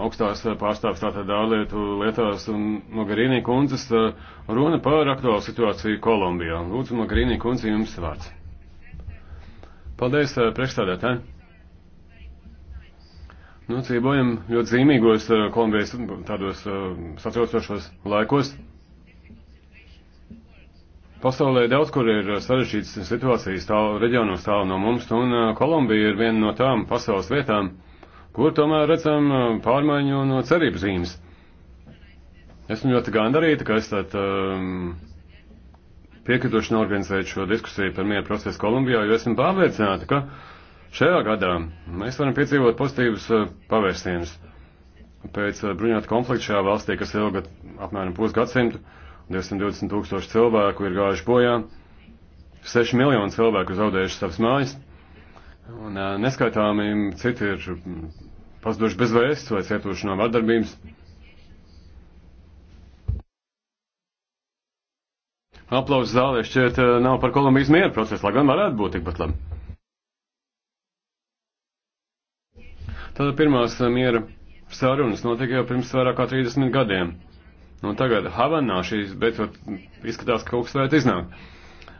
augstās eh, pārstāvis tātad ārlietu lietās un Mogherini kundzes eh, runa par aktuālu situāciju Kolumbijā. Lūdzu, Mogherini kundze, jums vārds. Paldies, eh, priekšstādētāji. Nu, dzīvojam ļoti zīmīgos Kolumbijas tādos satraucošos laikos. Pasaulē daudz kur ir sarežģītas situācijas, tālu reģionos tālu no mums, un Kolumbija ir viena no tām pasaules vietām, uh, kur tomēr redzam uh, pārmaiņu un cerību zīmes. Esmu ļoti gandarīta, ka esat um, piekrituši norganizēt šo diskusiju par mieru procesu Kolumbijā, jo esmu pārliecināta, ka šajā gadā mēs varam piedzīvot pozitīvus uh, pavērsienus pēc uh, bruņotu konfliktu šajā valstī, kas ilga apmēram pusgadsimtu, 220 tūkstoši cilvēku ir gājuši bojā, 6 miljoni cilvēku zaudējuši savas mājas. Un neskaitāmi citi ir pazuduši bez vēsts vai cietuši no vardarbības. Aplausa zālē šķiet nav par Kolumbijas mieru procesu, lai gan varētu būt tikpat labi. Tāda pirmās miera sarunas notika jau pirms vairāk kā 30 gadiem. Un tagad Havanā šīs beidzot izskatās, ka kaut kas varētu iznākt.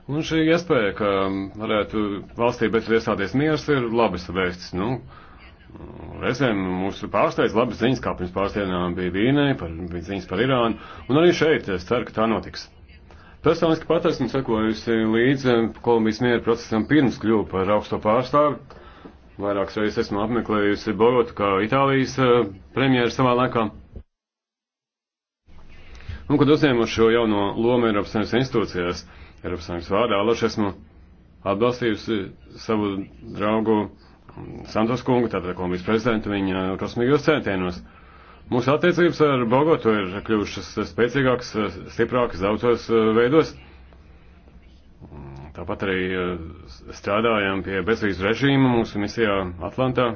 Un šī iespēja, ka varētu valstī bez iestāties miers, ir labas vēsts. Nu, reizēm mūsu pārsteidz labas ziņas, kā pirms pāris dienām bija Vīnē, par, bija ziņas par Irānu, un arī šeit es ceru, ka tā notiks. Personiski pat esmu sekojusi līdz Kolumbijas miera procesam pirms kļuvu par augsto pārstāvi. Vairākas reizes esmu apmeklējusi Bogotu kā Itālijas eh, premjeru savā laikā. Un, kad uzņēmu šo jauno lomu Eiropas Savienības institūcijās, Eiropas Savienības vārdā. Allaž esmu atbalstījusi savu draugu Santos kungu, tātad Kolumbijas prezidentu, viņa kosmīgos centienos. Mūsu attiecības ar Bogotu ir kļuvušas spēcīgākas, stiprākas daudzos eh, veidos. Tāpat arī eh, strādājam pie bezvīzu režīma mūsu misijā Atlantā.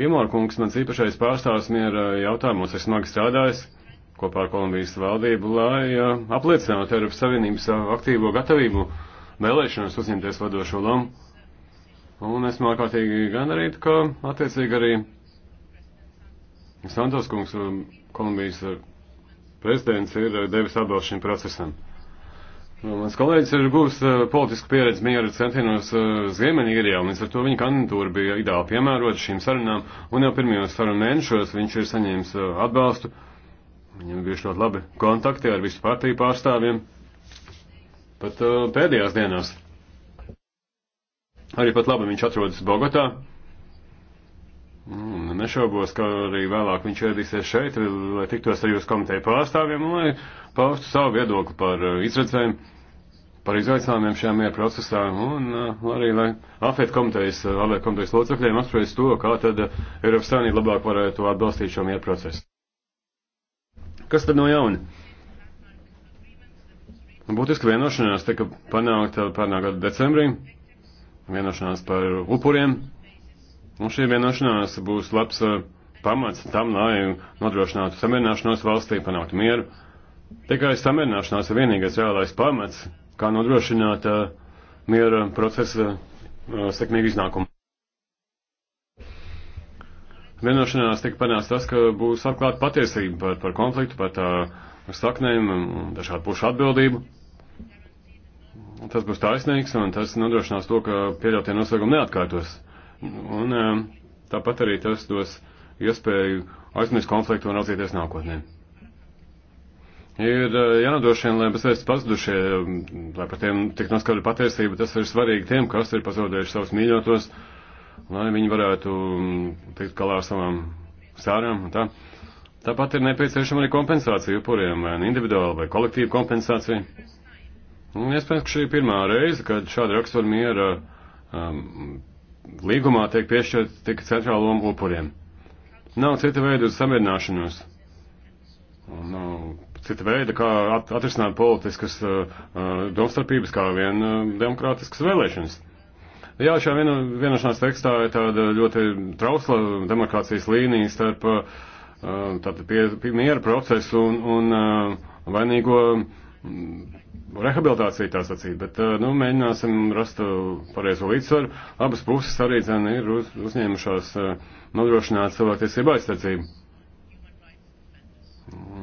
Gimor kungs, mans īpašais pārstāvs miera jautājumos, ir smagi strādājis kopā ar Kolumbijas valdību, lai apliecinātu Eiropas Savienības aktīvo gatavību vēlēšanas uzņemties vadošo lomu. Un esmu ārkārtīgi gandarīti, ka attiecīgi arī Santos kungs, Kolumbijas prezidents, ir devis atbalstu šim procesam. Nu, mans kolēģis ir guvis politisku pieredzi miera centienos Ziemeņīrijā, un līdz ar to viņa kandidatūra bija ideāli piemērota šīm sarunām, un jau pirmajos sarunu mēnešos viņš ir saņēmis atbalstu Viņam bijuši ļoti labi kontakti ar visu partiju pārstāvjiem. Pat uh, pēdējās dienās. Arī pat labi viņš atrodas Bogotā. Mm, nešaubos, ka arī vēlāk viņš ieradīsies šeit, lai tiktos ar jūsu komiteju pārstāvjiem, lai paustu savu viedokli par uh, izredzēm, par izaicinājumiem šajā miera procesā, un uh, arī lai afēt komitejas, uh, afēt komitejas locekļiem apspriest to, kā tad Eiropas Savienība labāk varētu atbalstīt šo miera procesu. Kas tad no jauna? Būtiski vienošanās tika panākta pārnā gada decembrī, vienošanās par upuriem, un šī vienošanās būs labs uh, pamats tam, lai nodrošinātu samierināšanos valstī, panāktu mieru. Tikai samierināšanās ir vienīgais reālais pamats, kā nodrošināt uh, miera procesa uh, sekmīgu iznākumu vienošanās tika panāsts tas, ka būs atklāta patiesība par, par konfliktu, par tā saknēm un dažādu pušu atbildību. Tas būs taisnīgs un tas nodrošinās to, ka pieļautie noslēgumi neatkārtos. Un um, tāpat arī tas dos iespēju aizmirst konfliktu un raudzīties nākotnē. Ir uh, jānodrošina, lai bezvēsti pazudušie, um, lai par tiem tik noskaidra patiesība, tas ir svarīgi tiem, kas ir pazaudējuši savus mīļotos, uh, lai viņi varētu mm, tikt galā ar savām sārām un tā. Tāpat ir nepieciešama arī kompensācija upuriem, vai nu individuāla vai kolektīva kompensācija. Un iespējams, ka šī ir pirmā reize, kad šāda rakstura miera um, līgumā tiek piešķirta tikai centrāla loma upuriem. Nav cita veida uz samierināšanos. Un nav cita veida, kā at atrisināt politiskas uh, uh domstarpības, kā vien uh, demokrātiskas vēlēšanas. Jā, šajā vieno, vienošanās tekstā ir tāda ļoti trausla demarkācijas līnija starp uh, tātad pie, pie miera procesu un, un uh, vainīgo mm, rehabilitāciju tā sacīt, bet, uh, nu, mēģināsim rast pareizo līdzsvaru. Abas puses arī, zin, ir uz, uzņēmušās nodrošināt cilvēktiesību aizsardzību.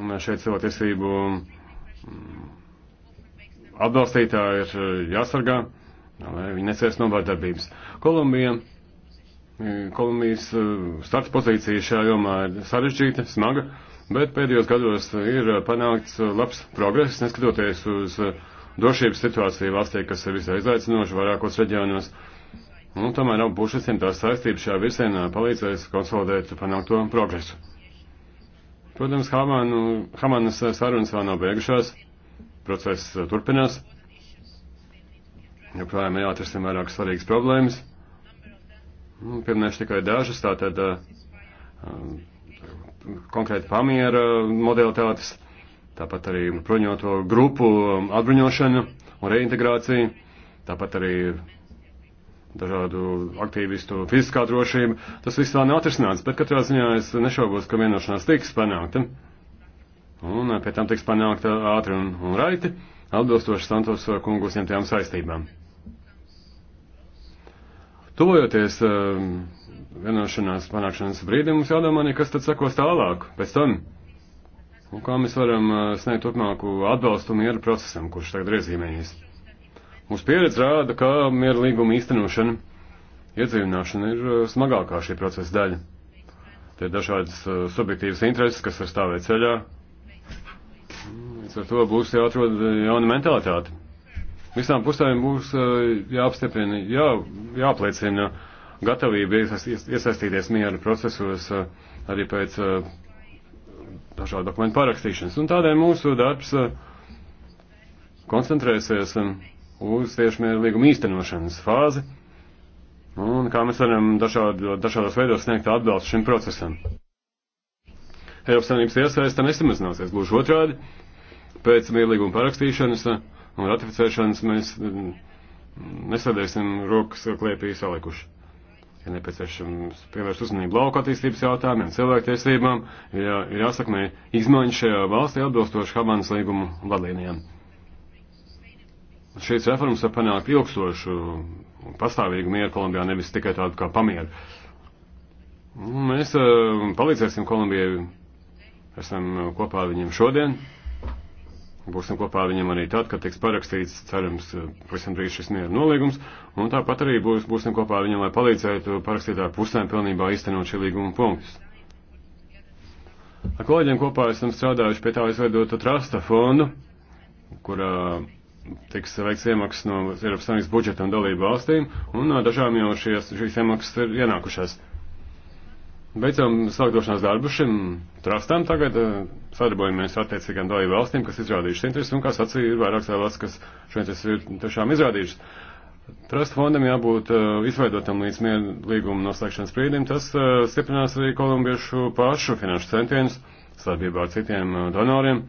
Un šeit cilvēktiesību mm, atbalstītāji ir jāsargā lai nu, viņi nesēs no vardarbības. Kolumbija, eh, Kolumbijas eh, starts pozīcija šajā jomā ir sarežģīta, smaga, bet pēdējos gados ir eh, panākts labs progress, neskatoties uz drošības situāciju valstī, kas ir visai izaicinoša vairākos reģionos. Un nu, tomēr abu pušu visiem tās saistības šajā virsienā palīdzēs konsolidēt panākto progresu. Protams, Havanu, Hamanas sarunas vēl nav beigušās, process turpinās joprojām jāatrisina vairāk svarīgas problēmas. Nu, Pieminēšu tikai dažas, tātad um, konkrēti pamiera modalitātes, tāpat arī bruņoto grupu atbruņošana un reintegrācija, tāpat arī dažādu aktīvistu fiziskā drošība. Tas viss vēl nav atrisināts, bet katrā ziņā es nešaubos, ka vienošanās tiks panākta. Un pēc tam tiks panākta ātri un, un raiti, atbilstoši Santos kungus ņemtajām saistībām. Tuvojoties um, vienošanās panākšanas brīdim, mums jādomā, kas tad sekos tālāk pēc tam. Un kā mēs varam uh, sniegt turpmāku atbalstu miera procesam, kurš tagad ir iezīmējies. Mūsu pieredze rāda, ka miera līguma īstenošana, iedzīvināšana ir uh, smagākā šī procesa daļa. Te ir dažādas uh, subjektīvas intereses, kas var stāvēt ceļā. Mm, līdz ar to būs jāatrod uh, jauna mentalitāte. Visām pusēm būs jāapstiprina, jā, jāapliecina gatavība iesaistīties miera procesos arī pēc dažādu dokumentu parakstīšanas. Un tādēļ mūsu darbs koncentrēsies uz tieši miera līguma īstenošanas fāzi un kā mēs varam dažādo, dažādos veidos sniegt atbalstu šim procesam. Eiropas Savienības iesaista nesamazināsies, gluži otrādi, pēc mierlīguma parakstīšanas. Uh, un ratificēšanas mēs mm, nesēdēsim rokas klēpī salikuši. Ir ja nepieciešams pievērst uzmanību lauka attīstības jautājumiem, cilvēktiesībām, ir, ir jāsakmē izmaiņas šajā valstī atbilstoši Habanas līgumu vadlīnijām. Šīs reformas var panākt ilgstošu un pastāvīgu mieru Kolumbijā, nevis tikai tādu kā pamieru. Mēs eh, palīdzēsim Kolumbijai, esam eh, kopā ar viņiem šodien. Būsim kopā ar viņiem arī tad, kad tiks parakstīts, cerams, eh, pavisam drīz šis miera nolīgums, un tāpat arī būs, būsim kopā ar viņiem, lai palīdzētu parakstītā pusēm pilnībā iztenot šī līguma punktus. Ar kolēģiem kopā esam strādājuši pie tā izveidota trasta fondu, kurā tiks veikts iemaksas no Eiropas Savienības budžeta un dalību valstīm, un no eh, dažām jau šies, šīs iemaksas ir ienākušās. Beidzam sākdošanās darbu šim trastam tagad, eh, sadarbojamies attiecīgām dalību valstīm, kas izrādījušas interesi, un, kā sacīja, ir vairākas valsts, kas šo interesi ir tiešām izrādījušas. Trust fondam jābūt uh, izveidotam līdz mieru līguma noslēgšanas brīdim, tas uh, stiprinās arī kolumbiešu pašu finanšu centienus, sadarbībā ar citiem uh, donoriem.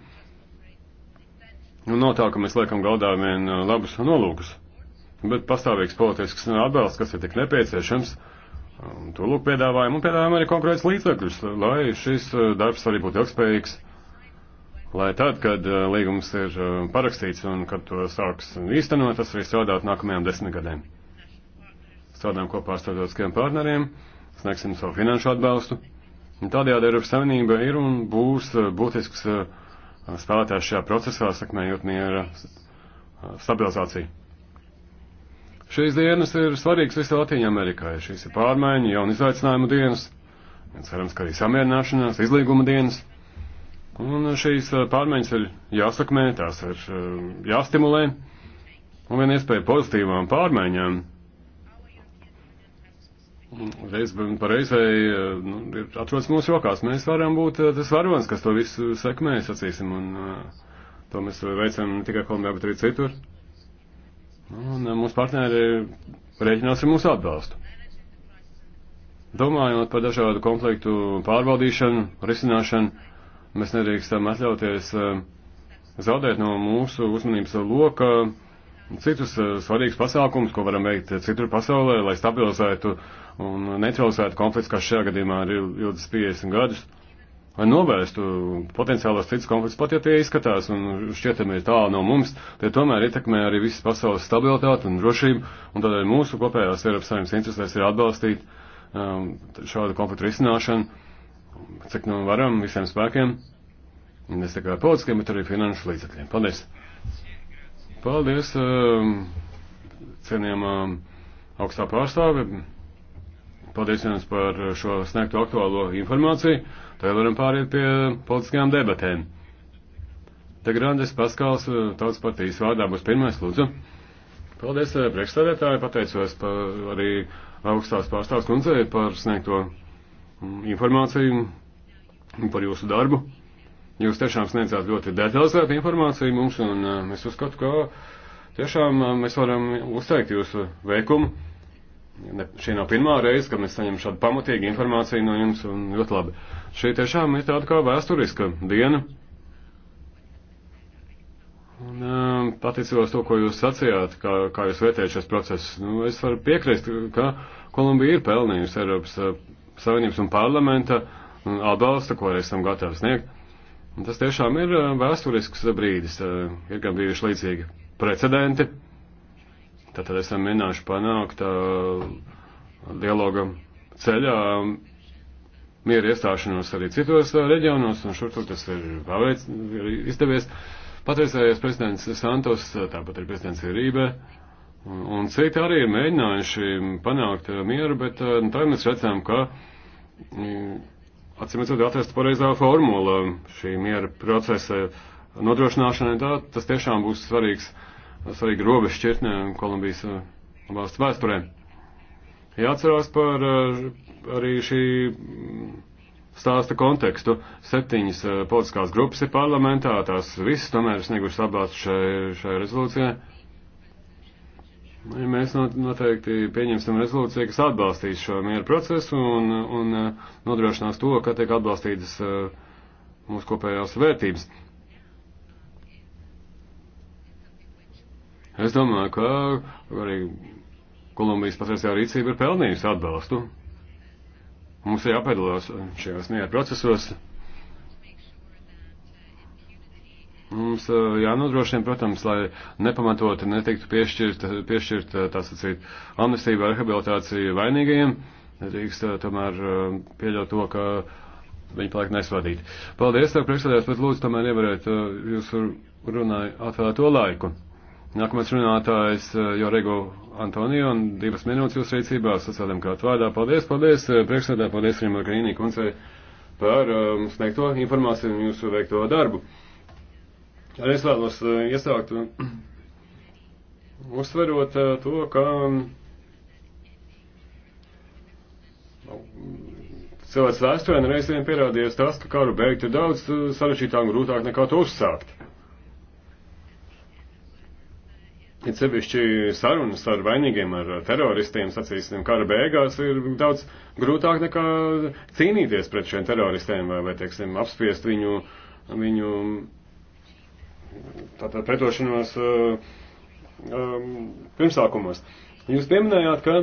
Un nav tā, ka mēs liekam galdā vien uh, labus nolūkus, bet pastāvīgs politisks atbalsts, kas ir tik nepieciešams. Uh, Un to lūk piedāvājam, un piedāvājam arī konkrēts līdzekļus, lai šis eh, darbs arī būtu ilgspējīgs, lai tad, kad eh, līgums ir eh, parakstīts un kad to sāks īstenot, tas arī strādāt nākamajām desmitgadēm. Strādājam kopā ar starptautiskiem partneriem, sniegsim savu finanšu atbalstu. Un tādējādi Eiropas Savienība ir un būs būtisks spēlētājs šajā procesā, sakmējot miera stabilizāciju. Šīs dienas ir svarīgas visai Latvijai Amerikai. Šīs ir pārmaiņu, jaunu izaicinājumu dienas, cerams, ka arī samierināšanās, izlīguma dienas. Un šīs eh, pārmaiņas ir jāsakmē, tās ir eh, jāstimulē. Un viena iespēja pozitīvām pārmaiņām Reiz par reizei eh, nu, atrodas mūsu rokās. Mēs varam būt tas varonis, kas to visu sekmē, sacīsim, un to mēs veicam ne tikai Kolumbijā, bet arī citur. Un eh, mūsu partneri rēķinās ar mūsu atbalstu. Domājot par dažādu konfliktu pārvaldīšanu, risināšanu, mēs nedrīkstam atļauties eh, zaudēt no mūsu uzmanības loka citus eh, svarīgus pasākumus, ko varam veikt citur pasaulē, lai stabilizētu un neutralizētu konflikts, kas šajā gadījumā ir ilgas 50 gadus lai novērstu potenciālos citus konfliktus, pat ja tie izskatās un šķietami ir tālu no mums, tie tomēr ietekmē arī visas pasaules stabilitāti un drošību, un tādēļ mūsu kopējās Eiropas saimnes interesēs ir atbalstīt um, šādu konfliktu risināšanu, cik nu varam, visiem spēkiem, ne tikai politiskiem, bet arī finanšu līdzekļiem. Paldies! Paldies, um, cienījamā augstā pārstāve! Paldies jums par šo sniegto aktuālo informāciju. Tagad varam pāriet pie politiskajām debatēm. Te Grandes Paskals, eh, tautas partijas vārdā, būs pirmais, lūdzu. Paldies, eh, priekšstādētāji, pateicos par arī augstās pārstāvs kundzei par sniegto mm, informāciju, par jūsu darbu. Jūs tiešām sniedzāt ļoti detalizētu informāciju mums, un eh, es uzskatu, ka tiešām mēs varam uzteikt jūsu veikumu. Ne, šī nav pirmā reize, kad mēs saņemam šādu pamatīgu informāciju no jums, un ļoti labi. Šī tiešām ir tāda kā vēsturiska diena. Un, um, attiecībā uz to, ko jūs sacījāt, kā, kā jūs vērtējat šos procesus, nu, es varu piekrist, ka Kolumbija ir pelnījusi Eiropas uh, Savienības un parlamenta um, atbalsta, ko arī esam gatavi sniegt. Un tas tiešām ir uh, vēsturisks brīdis, uh, ir gan bijuši līdzīgi precedenti. Tātad esam mēģinājuši panākt uh, dialoga ceļā mieru iestāšanos arī citos uh, reģionos, un šur tur tas ir, paveic, ir izdevies. Patreizējais prezidents Santos, tāpat arī prezidents Rībe, un, un citi arī ir mēģinājuši panākt uh, mieru, bet uh, tā mēs redzam, ka. Um, Atcīmredzot, atrast pareizā formula šī miera procesa nodrošināšanai, tā tas tiešām būs svarīgs uh, svarīga robeža šķirtne Kolumbijas uh, valsts vēsturē. Jāatcerās par uh, arī šī mm, stāsta kontekstu. Septiņas uh, politiskās grupas ir parlamentā, tās visas tomēr sniegušas atbalstu šai, šai rezolūcijai. Mēs noteikti pieņemsim rezolūciju, kas atbalstīs šo mieru procesu un, un nodrošinās to, ka tiek atbalstītas mūsu kopējās vērtības. Es domāju, ka arī Kolumbijas patreizējā rīcība ir pelnījusi atbalstu. Mums ir jāpiedalās šajos mieru procesos. Mums eh, jānodrošina, protams, lai nepamatoti netiktu piešķirta, piešķirta eh, tā sacīt, amnestība vai rehabilitācija vainīgajiem. Nedrīkst eh, tomēr pieļaut to, ka viņi paliek nesvadīti. Paldies, tev priekšsēdājās, bet lūdzu tomēr ievarēt jūsu runāju atvēlēto laiku. Nākamais runātājs eh, Jorego Antonio un divas minūtes jūs rīcībā sociāldemokrātu vārdā. Paldies, paldies, eh, priekšsēdā, paldies Rīma Grīnī kundzei par um, sniegto informāciju un jūsu veikto darbu. Arī es vēlos uh, iesākt uh, uzsverot uh, to, ka um, cilvēks vēsturē nereiz vien pierādījies tas, ka karu beigt ir daudz uh, sarežģītāk un grūtāk nekā to uzsākt. Ir sevišķi sarunas ar vainīgiem, ar teroristiem, sacīsim, kara beigās ir daudz grūtāk nekā cīnīties pret šiem teroristiem vai, vai teiksim, apspiest viņu, viņu tātad pretošanos uh, um, pirmsākumos. Jūs pieminējāt, ka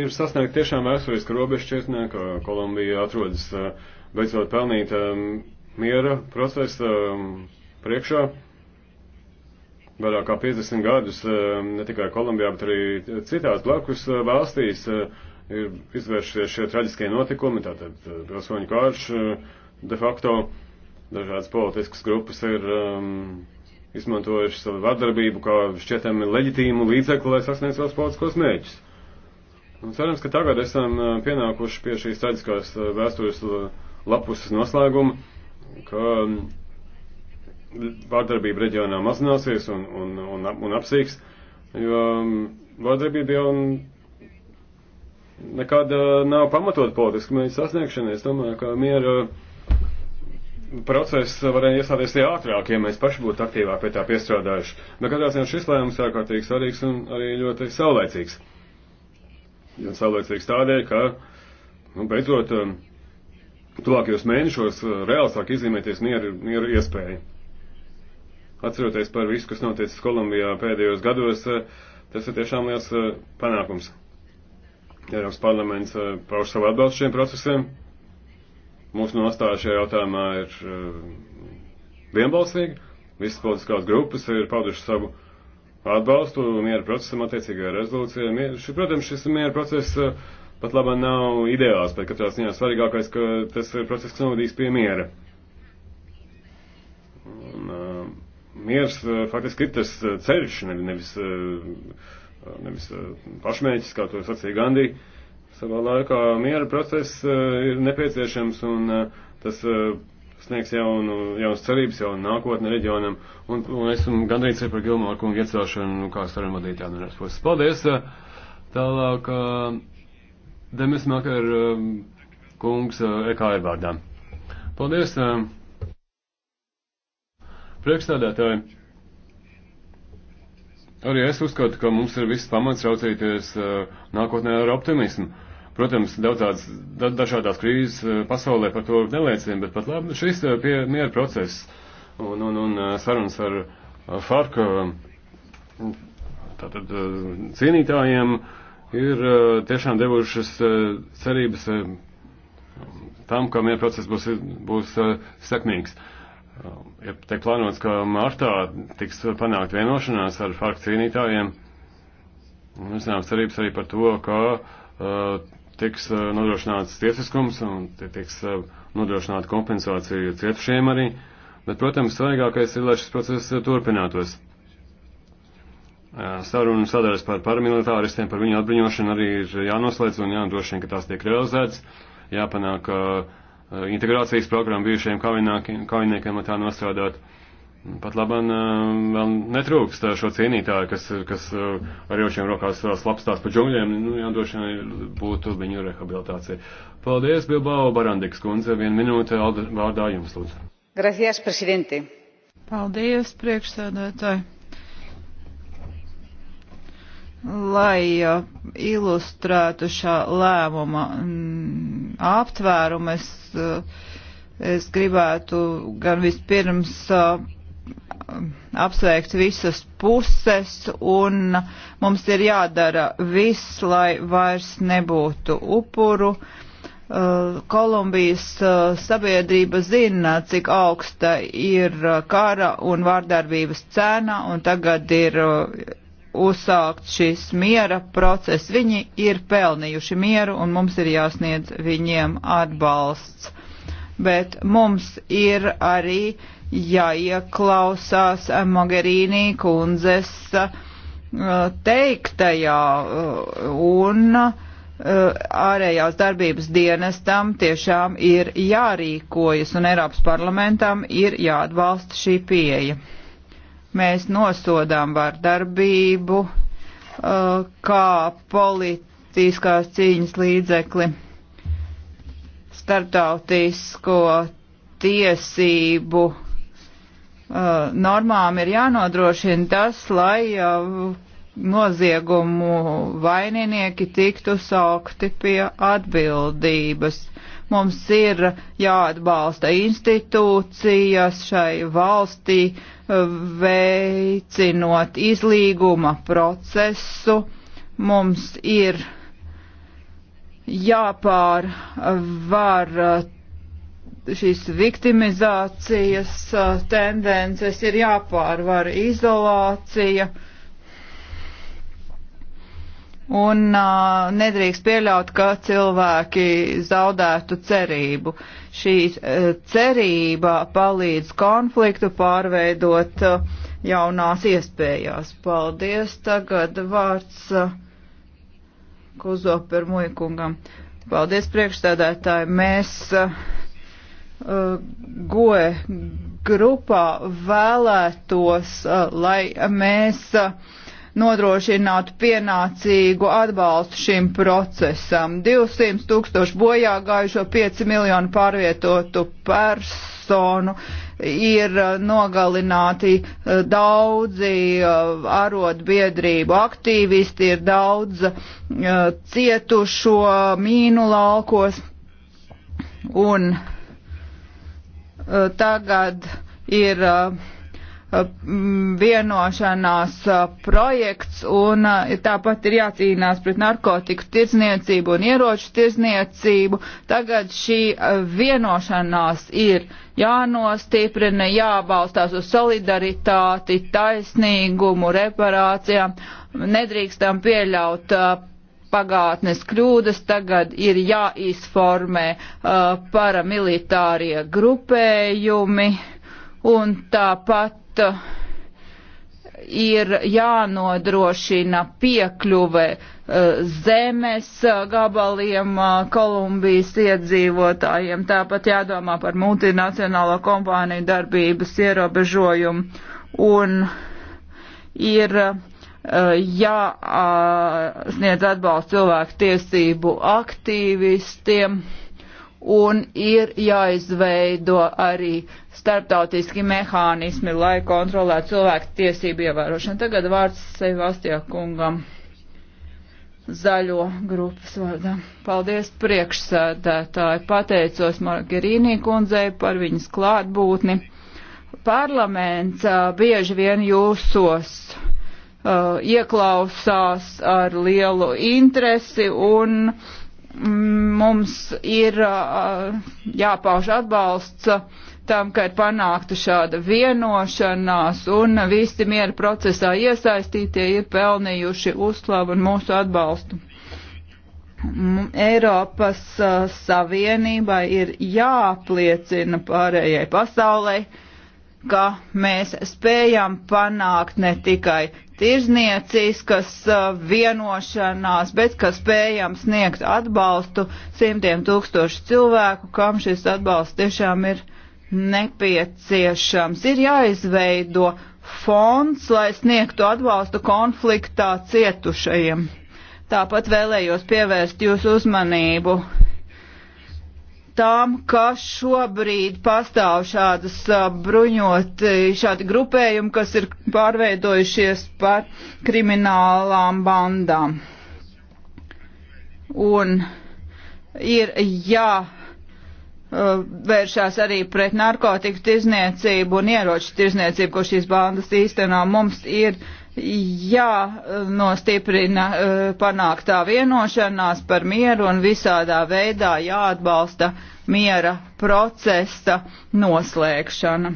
ir sasniegt tiešām vēsturiski robežšķirtnē, ka Kolumbija atrodas uh, beidzot pelnīta um, miera procesa um, priekšā. Uh, vairāk kā 50 gadus eh, ne tikai Kolumbijā, bet arī citās blakus eh, valstīs eh, ir izvēršies šie traģiskie notikumi, tātad pilsoņu kārš de facto dažādas politiskas grupas ir um, ehm, izmantojuši savu vardarbību kā šķietami leģitīmu līdzekli, lai sasniegtu savus politiskos mēģus. Un cerams, ka tagad esam pienākuši pie šīs traģiskās vēstures lapuses noslēguma, ka um, vārdarbība reģionā mazināsies un, un, un, un apsīks, jo um, vārdarbība jau nekad nav pamatot politiski mērķu sasniegšanai. Es domāju, ka miera process varēja iestāties tie ātrāk, ja mēs paši būtu aktīvāk pie tā piestrādājuši. Bet katrā ziņā šis lēmums ārkārtīgi svarīgs un arī ļoti saulēcīgs. Un saulēcīgs tādēļ, ka, nu, beidzot, um, tuvākajos mēnešos uh, reāli sāk izzīmēties miera, miera iespēja atceroties par visu, kas noticis Kolumbijā pēdējos gados, eh, tas ir tiešām liels eh, panākums. Eiropas parlaments eh, pauž savu atbalstu šiem procesiem. Mūsu nostāja šajā jautājumā ir vienbalsīga. Visas politiskās grupas ir paudušas savu atbalstu miera procesam attiecīgajā rezolūcijā. Mier, ši, protams, šis miera process pat labā nav ideāls, bet katrā ziņā svarīgākais, ka tas ir process, kas novadīs pie miera. miers eh, faktiski ir tas eh, ceļš, nevis, eh, nevis pašmēķis, kā to sacīja Gandī. Savā laikā miera process ir nepieciešams un tas sniegs jaunu, jaunas cerības, jaunu nākotni reģionam. Un, un esmu gandrīz par Gilmāru kungu iecelšanu nu, kā sarunu vadītāju no vienas puses. Paldies! Tālāk Demis Makar kungs EKR vārdā. Paldies! Priekšstādātāji, arī es uzskatu, ka mums ir viss pamats raucīties nākotnē ar optimismu. Protams, daudzās da, dažādās krīzes pasaulē par to neliecina, bet pat labi šis pie miera process un, un, un sarunas ar FARC tātad cīnītājiem ir tiešām devušas cerības tam, ka miera process būs, būs sekmīgs. Um, ja tiek plānots, ka martā tiks panākt vienošanās ar faktu cīnītājiem, mēs zinām cerības arī par to, ka uh, tiks uh, nodrošināts tiesiskums un tiks uh, nodrošināta kompensācija cietušiem arī. Bet, protams, svarīgākais ir, lai šis process uh, turpinātos. Uh, saruna sadaras par paramilitāristiem, par viņu atbruņošanu arī ir jānoslēdz un jādrošina, ka tās tiek realizētas. Jāpanāk, ka uh, Eh, integrācijas programmu bijušajiem kaujiniekiem, lai tā nostrādātu. Pat labam eh, vēl netrūkst šo cienītāju, kas, kas eh, ar jaušiem rokās slapstās pa džungļiem, nu, jādošanai būtu viņu rehabilitācija. Paldies, Bilbao Barandiks kundze, vienu minūte vārdā jums lūdzu. Gracias, presidente. Paldies, priekšsēdētāji. Lai ilustrētu šā lēmuma. Mm, aptvērumu. Es, eh, es gribētu gan vispirms eh, apsveikt visas puses un mums ir jādara viss, lai vairs nebūtu upuru. Eh, Kolumbijas sabiedrība zina, cik augsta ir kara un vārdarbības cena, un tagad ir uzsākt šis miera process. Viņi ir pelnījuši mieru un mums ir jāsniedz viņiem atbalsts. Bet mums ir arī jāieklausās Mogherīnī kundzes uh, teiktajā uh, un uh, ārējās darbības dienestam tiešām ir jārīkojas un Eiropas parlamentam ir jāatbalsta šī pieeja. Mēs nosodām vardarbību uh, kā politiskās cīņas līdzekli starptautisko tiesību uh, normām ir jānodrošina tas, lai uh, noziegumu vaininieki tiktu saukti pie atbildības. Mums ir jāatbalsta institūcijas šai valstī, veicinot izlīguma procesu. Mums ir jāpārvar šīs viktimizācijas tendences, ir jāpārvar izolācija un uh, nedrīkst pieļaut, ka cilvēki zaudētu cerību. Šī uh, cerība palīdz konfliktu pārveidot uh, jaunās iespējās. Paldies, tagad vārds uh, Kuzo per muikungam. Paldies, priekšstādētāji. Mēs uh, goe grupā vēlētos, uh, lai mēs uh, nodrošinātu pienācīgu atbalstu šim procesam. 200 tūkstoši bojā gājušo 5 miljonu pārvietotu personu ir nogalināti eh, daudzi eh, arotbiedrību aktīvisti, ir daudz eh, cietušo mīnu laukos un tagad ir uh, Mm, vienošanās projekts un tāpat ir jācīnās pret narkotiku tirzniecību un ieroču tirzniecību. Tagad šī vienošanās ir jānostiprina, jābalstās uz solidaritāti, taisnīgumu, reparācijām. Nedrīkstam pieļaut pagātnes kļūdas, tagad ir jāizformē paramilitārie grupējumi un tāpat Uh, ir jānodrošina piekļuve uh, zemes uh, gabaliem Kolumbijas iedzīvotājiem. Tāpat jādomā par multinacionālo kompāniju darbības ierobežojumu un ir jāsniedz atbalsts cilvēku tiesību aktīvistiem un ir jāizveido arī starptautiski mehānismi, lai kontrolētu cilvēku tiesību ievērošanu. Tagad vārds Seivastijā kungam zaļo grupas vārdā. Paldies priekšsēdētāji, pateicos Margarīnī kundzei par viņas klātbūtni. Parlaments bieži vien jūsos uh, ieklausās ar lielu interesi un uh, mums ir uh, jāpauž atbalsts uh, tam, ka ir panākta šāda vienošanās un visi miera procesā iesaistītie ir pelnījuši uzslavu un mūsu atbalstu. Eiropas uh, Savienībai ir jāpliecina pārējai pasaulei, ka mēs spējam panākt ne tikai tirznieciskas uh, vienošanās, bet kas spējam sniegt atbalstu simtiem tūkstošu cilvēku, kam šis atbalsts tiešām ir nepieciešams. Ir jāizveido fonds, lai sniegtu atbalstu konfliktā cietušajiem. Tāpat vēlējos pievērst jūsu uzmanību tām, ka šobrīd pastāv šādas bruņot, šādi grupējumi, kas ir pārveidojušies par kriminālām bandām. Un ir jā vēršās arī pret narkotiku tirzniecību un ieroču tirzniecību, ko šīs bandas īstenā. Mums ir uh, jānostiprina e, panāktā vienošanās par mieru un visādā veidā jāatbalsta miera procesa noslēgšana.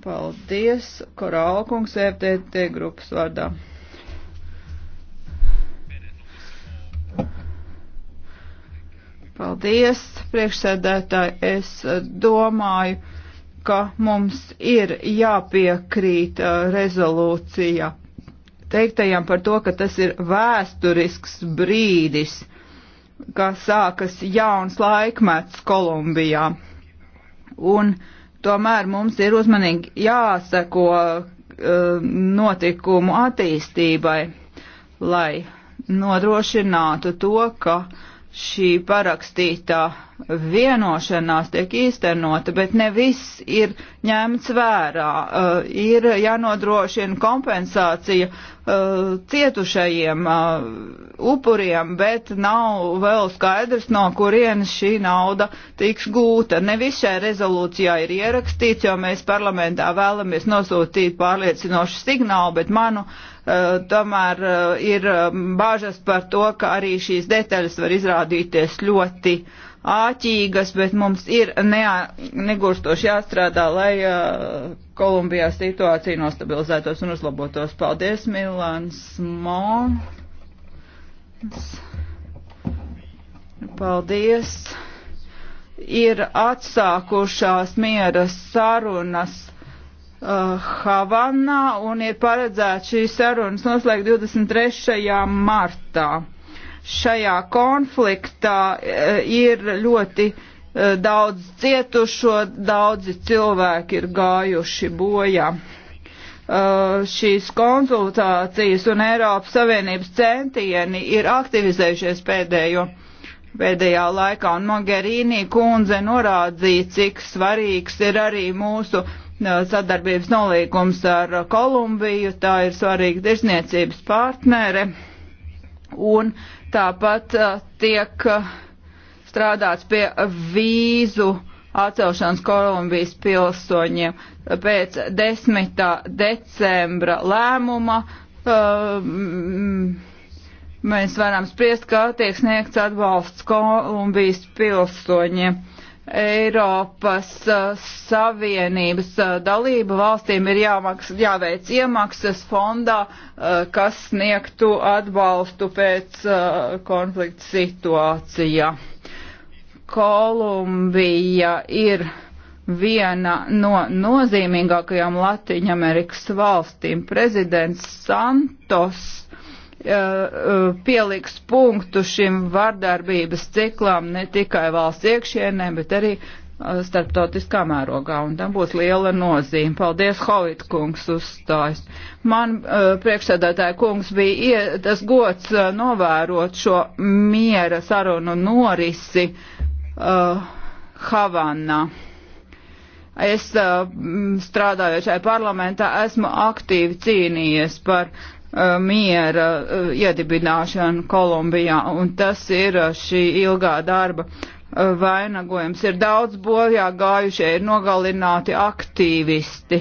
Paldies, Korālkungs, FTT grupas vārdā. Paldies, priekšsēdētāji. Es domāju, ka mums ir jāpiekrīt uh, rezolūcija teiktajam par to, ka tas ir vēsturisks brīdis, kā sākas jauns laikmets Kolumbijā. Un tomēr mums ir uzmanīgi jāseko uh, notikumu attīstībai, lai nodrošinātu to, ka uh, šī parakstītā vienošanās tiek īstenota, bet ne viss ir ņemts vērā. Uh, ir jānodrošina kompensācija uh, cietušajiem uh, upuriem, bet nav vēl skaidrs, no kurienes šī nauda tiks gūta. Ne viss šajā rezolūcijā ir ierakstīts, jo mēs parlamentā vēlamies nosūtīt pārliecinošu signālu, bet manu uh, Eh, tomēr eh, ir eh, bāžas par to, ka arī šīs detaļas var izrādīties ļoti āķīgas, bet mums ir negurstoši jāstrādā, lai Kolumbijā situācija nostabilizētos un uzlabotos. Paldies, Milāns Mons. Paldies! Ir atsākušās miera sarunas Uh, Havanā un ir paredzēts šīs sarunas noslēgt 23. martā. Šajā konfliktā uh, ir ļoti uh, daudz cietušo, daudzi cilvēki ir gājuši bojā. Uh, šīs konsultācijas un Eiropas Savienības centieni ir aktivizējušies pēdējo, pēdējā laikā, un Mogherīnī kundze norādīja, cik svarīgs ir arī mūsu sadarbības nolīgums ar Kolumbiju, tā ir svarīga tirzniecības partnere, un tāpat tiek strādāts pie vīzu atcelšanas Kolumbijas pilsoņiem pēc 10. decembra lēmuma. Um, mēs varam spriest, kā tiek sniegts atbalsts Kolumbijas pilsoņiem. Eiropas uh, Savienības uh, dalība valstīm ir jāmaks, jāveic iemaksas fondā, uh, kas sniegtu atbalstu pēc konflikta situācijā. Kolumbija ir viena no nozīmīgākajām Latvijas Amerikas valstīm. Prezidents Santos Eh, pieliks punktu šim vardarbības ciklam ne tikai valsts iekšienē, bet arī eh, starptautiskā mērogā, un tam būs liela nozīme. Paldies, Hovit kungs uzstājas. Man eh, priekšsēdētāja kungs bija tas gods novērot šo miera sarunu norisi uh, Havanā. Es strādāju šajā parlamentā, esmu aktīvi cīnījies par Uh, miera uh, iedibināšanu Kolumbijā, un tas ir uh, šī ilgā darba vainagojums. Ir daudz bojā gājušie, ir nogalināti aktīvisti.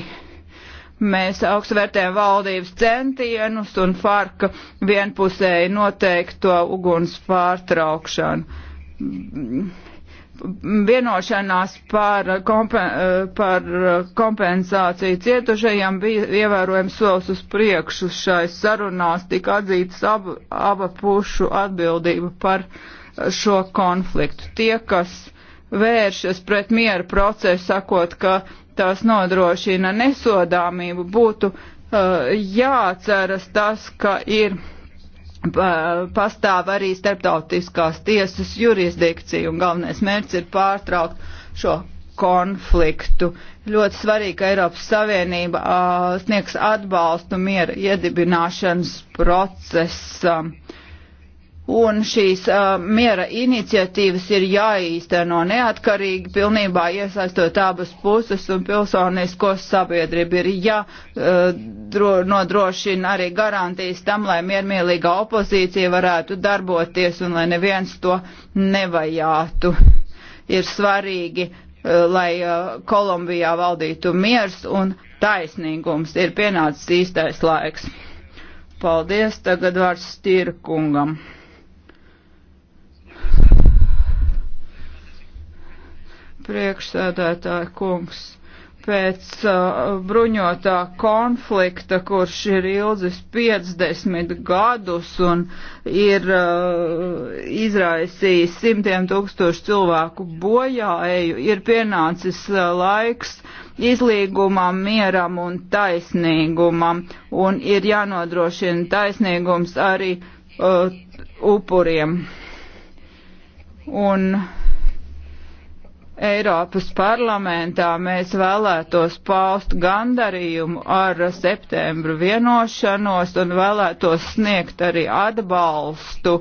Mēs augstu vērtējam valdības centienus un farka vienpusēji noteikto uguns pārtraukšanu vienošanās par, kompen, par kompensāciju cietušajiem bija ievērojams solis uz priekšu šai sarunās, tika atzītas ab, aba pušu atbildība par šo konfliktu. Tie, kas vēršas pret mieru procesu, sakot, ka tās nodrošina nesodāmību, būtu uh, jāceras tas, ka ir pastāv arī starptautiskās tiesas jurisdikcija, un galvenais mērķis ir pārtraukt šo konfliktu. Ļoti svarīgi, ka Eiropas Savienība uh, sniegs atbalstu miera iedibināšanas procesam. Uh, un šīs uh, miera iniciatīvas ir jāīsteno neatkarīgi, pilnībā iesaistot abas puses un pilsonisko sabiedrību. Ir jānodrošina uh, arī garantijas tam, lai miermīlīga opozīcija varētu darboties un lai neviens to nevajātu. Ir svarīgi, uh, lai uh, Kolumbijā valdītu miers un taisnīgums. Ir pienācis īstais laiks. Paldies, tagad vārds Stīrkungam. priekšsēdētāja kungs. Pēc uh, bruņotā konflikta, kurš ir ilgis 50 gadus un ir uh, izraisījis simtiem tūkstošu cilvēku bojāēju, ir pienācis uh, laiks izlīgumam, mieram un taisnīgumam, un ir jānodrošina taisnīgums arī uh, upuriem. Un, uh, Eiropas parlamentā mēs vēlētos paust gandarījumu ar septembru vienošanos un vēlētos sniegt arī atbalstu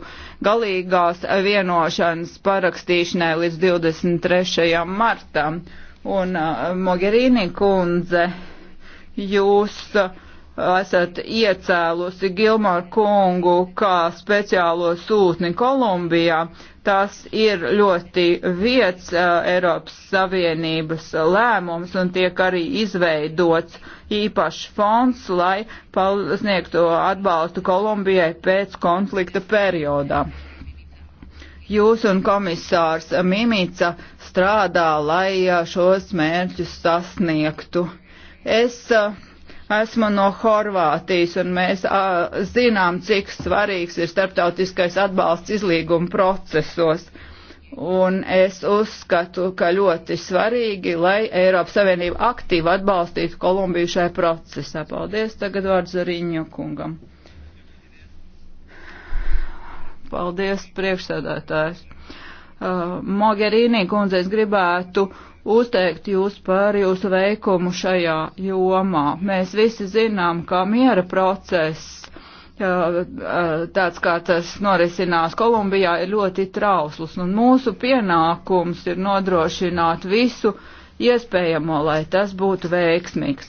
galīgās vienošanas parakstīšanai līdz 23. martam. Un uh, Mogherini kundze, jūs uh, esat iecēlusi Gilmar kungu kā speciālo sūtni Kolumbijā. Tas ir ļoti viets uh, Eiropas Savienības lēmums un tiek arī izveidots īpašs fonds, lai sniegtu atbalstu Kolumbijai pēc konflikta periodā. Jūs un komisārs Mimica strādā, lai uh, šos mērķus sasniegtu. Es uh, Esmu no Horvātijas, un mēs a, zinām, cik svarīgs ir starptautiskais atbalsts izlīguma procesos. Un es uzskatu, ka ļoti svarīgi, lai Eiropas Savienība aktīvi atbalstītu Kolumbiju šajā procesā. Paldies, tagad vārds Zariņo kungam. Paldies, priekšsēdētājs. Uh, Mogherīnī kundze, es gribētu uzteikt jūs par jūsu veikumu šajā jomā. Mēs visi zinām, ka miera process, tāds kā tas norisinās Kolumbijā, ir ļoti trausls, un mūsu pienākums ir nodrošināt visu iespējamo, lai tas būtu veiksmīgs.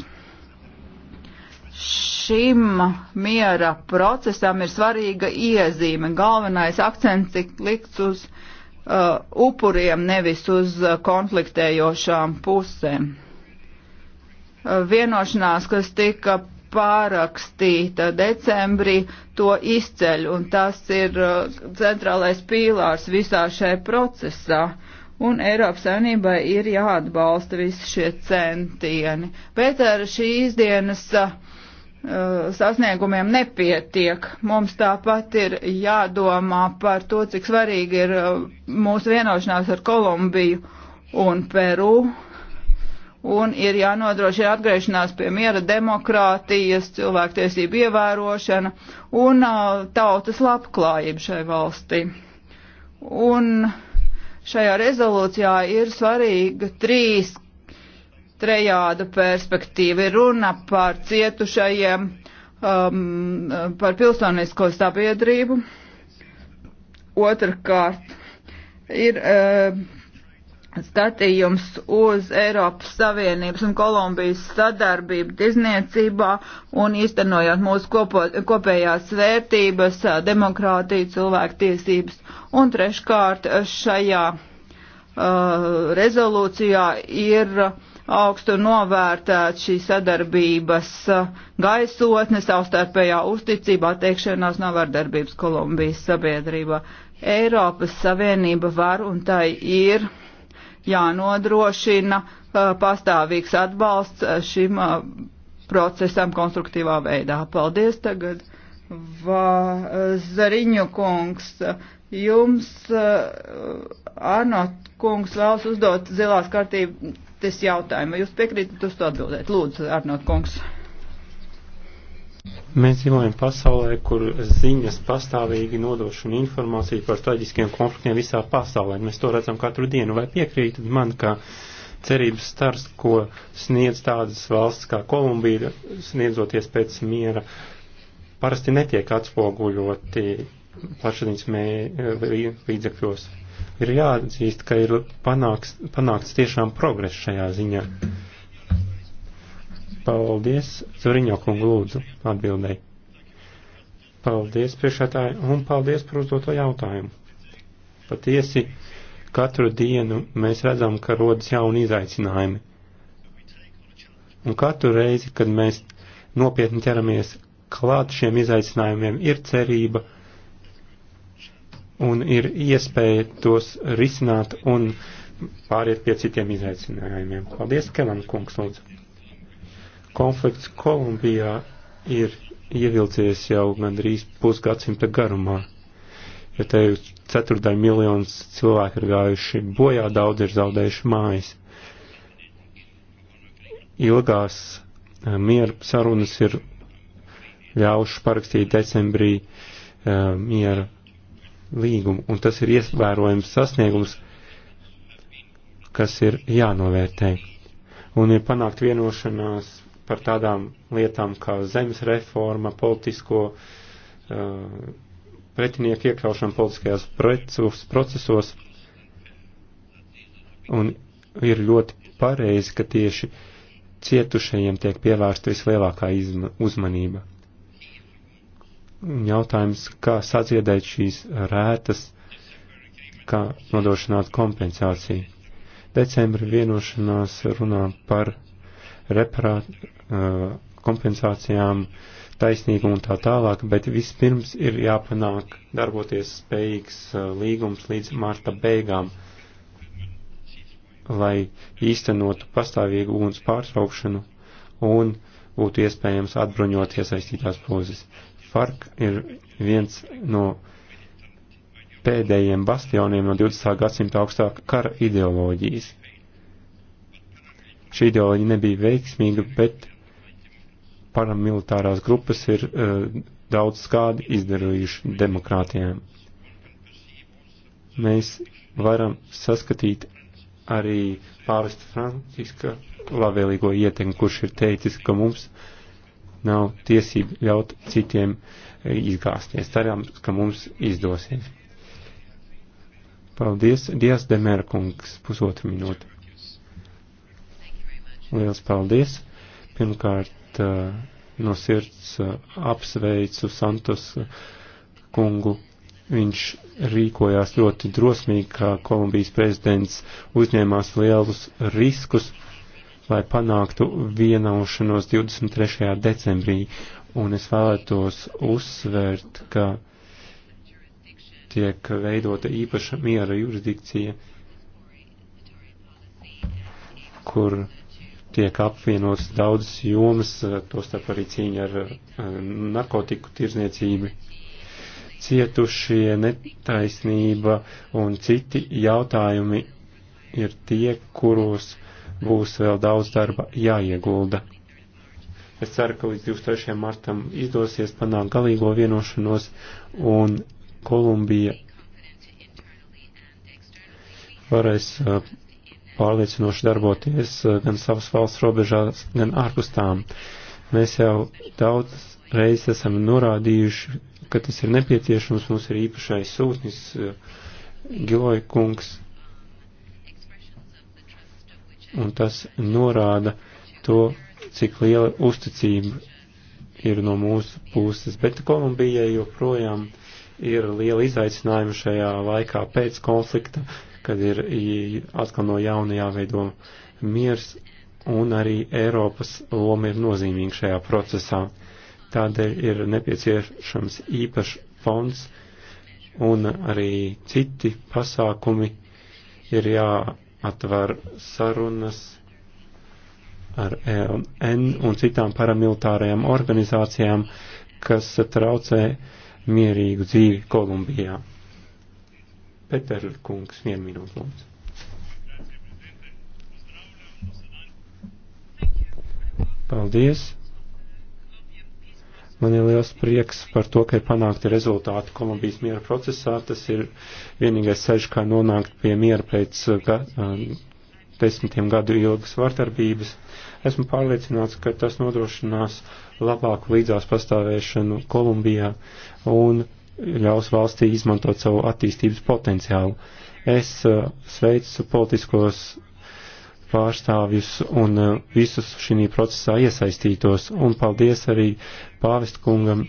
Šim miera procesam ir svarīga iezīme. Galvenais akcents tik likts uz Uh, upuriem, nevis uz konfliktējošām pusēm. Uh, vienošanās, kas tika pārakstīta decembrī, to izceļ, un tas ir uh, centrālais pīlārs visā šai procesā. Un Eiropas Savienībai ir jāatbalsta visi šie centieni. Bet ar šīs dienas uh, Uh, sasniegumiem nepietiek. Mums tāpat ir jādomā par to, cik svarīgi ir uh, mūsu vienošanās ar Kolumbiju un Peru. Un ir jānodrošina atgriešanās pie miera, demokrātijas, cilvēktiesību ievērošana un uh, tautas labklājība šai valstī. Un šajā rezolūcijā ir svarīga trīs trejāda perspektīva. Ir runa par cietušajiem, um, par pilsonisko sabiedrību. Otrakārt, ir uh, skatījums uz Eiropas Savienības un Kolumbijas sadarbību tirzniecībā un īstenojot mūsu kopo, kopējās vērtības, uh, demokrātiju, cilvēktiesības. Un treškārt šajā uh, rezolūcijā ir uh, augstu novērtēt šī sadarbības eh, gaisotne, savstarpējā uzticība, attiekšanās no vardarbības Kolumbijas sabiedrībā. Eiropas Savienība var un tai ir jānodrošina eh, pastāvīgs atbalsts eh, šim procesam konstruktīvā veidā. Paldies tagad, Va, Zariņu kungs. Jums, Arnot kungs, vēlas uzdot zilās kārtības debates jautājumu. Jūs piekrītat uz to atbildēt? Lūdzu, Arnot kungs. Mēs dzīvojam pasaulē, kur ziņas pastāvīgi nodošana informācija par traģiskiem konfliktiem visā pasaulē. Mēs to redzam katru dienu. Vai piekrītat man, ka cerības stars, ko sniedz tādas valsts kā Kolumbija, sniedzoties pēc miera, parasti netiek atspoguļoti plašsaziņas līdzekļos? ir jāatzīst, ka ir panāks, panākts tiešām progress šajā ziņā. Paldies, Zuriņo kungu lūdzu atbildēji. Paldies priekšētāji un paldies par uzdoto jautājumu. Patiesi, katru dienu mēs redzam, ka rodas jauni izaicinājumi. Un katru reizi, kad mēs nopietni ķeramies klāt šiem izaicinājumiem, ir cerība, un ir iespēja tos risināt un pāriet pie citiem izaicinājumiem. Paldies, Kelam kungs, lūdzu. Konflikts Kolumbijā ir ievilcies jau gandrīz pusgadsimta garumā. Ja te jau ceturdaļ miljonus cilvēku ir gājuši bojā, daudz ir zaudējuši mājas. Ilgās eh, miera sarunas ir ļauši parakstīt decembrī eh, miera līgumu, un tas ir ievērojams sasniegums, kas ir jānovērtē. Un ir panākt vienošanās par tādām lietām kā zemes reforma, politisko uh, pretinieku iekļaušana politiskajās procesos, un ir ļoti pareizi, ka tieši cietušajiem tiek pievērsta vislielākā uzmanība jautājums, kā sadziedēt šīs rētas, kā nodrošināt kompensāciju. Decembra vienošanās runā par reparā, uh, kompensācijām, taisnīgumu un tā tālāk, bet vispirms ir jāpanāk darboties spējīgs uh, līgums līdz marta beigām, lai īstenotu pastāvīgu uguns pārtraukšanu un būtu iespējams atbruņot iesaistītās puses. FARC ir viens no pēdējiem bastioniem no 20. gadsimta augstākā kara ideoloģijas. Šī ideoloģija nebija veiksmīga, bet paramilitārās grupas ir uh, daudz skādi izdarījuši demokrātijām. Mēs varam saskatīt arī pāvesta Franciska labvēlīgo ietekmi, kurš ir teicis, ka mums uh, nav tiesība ļaut citiem eh, izgāzties. Cerams, ka mums izdosies. Paldies, Dievs Demērkungs, pusotru minūtu. Liels paldies. Pirmkārt, eh, no sirds eh, apsveicu Santos kungu. Viņš rīkojās ļoti drosmīgi, kā Kolumbijas prezidents uzņēmās lielus riskus lai panāktu vienošanos 23. decembrī, un es vēlētos uzsvērt, ka tiek veidota īpaša miera jurisdikcija, kur tiek apvienotas daudzas jomas, tostarp arī cīņa ar eh, narkotiku tirzniecību, cietušie netaisnība un citi jautājumi ir tie, kuros uh, būs vēl daudz darba jāiegulda. Es ceru, ka līdz 23. martam izdosies panākt galīgo vienošanos un Kolumbija varēs uh, pārliecinoši darboties uh, gan savas valsts robežās, gan ārpus tām. Mēs jau daudz reizes esam norādījuši, ka tas ir nepieciešams. Mums ir īpašais sūtnis uh, Giloja kungs, un tas norāda to, cik liela uzticība ir no mūsu puses, bet Kolumbijai joprojām ir liela izaicinājuma šajā laikā pēc konflikta, kad ir atkal no jauna jāveido miers, un arī Eiropas loma ir nozīmīga šajā procesā. Tādēļ ir nepieciešams īpašs fonds, un arī citi pasākumi ir jā atver sarunas ar ELN un citām paramilitārajām organizācijām, kas traucē mierīgu dzīvi Kolumbijā. Peterl kungs, vienu minūtu lūdzu. Paldies! Man ir liels prieks par to, ka ir panākti rezultāti Kolumbijas miera procesā. Tas ir vienīgais ceļš, kā nonākt pie miera pēc uh, ga, um, desmitiem gadu ilgas vardarbības. Esmu pārliecināts, ka tas nodrošinās labāku līdzās pastāvēšanu Kolumbijā un ļaus valstī izmantot savu attīstības potenciālu. Es uh, sveicu politiskos pārstāvjus un eh, visus šī procesā iesaistītos. Un paldies arī pāvestkungam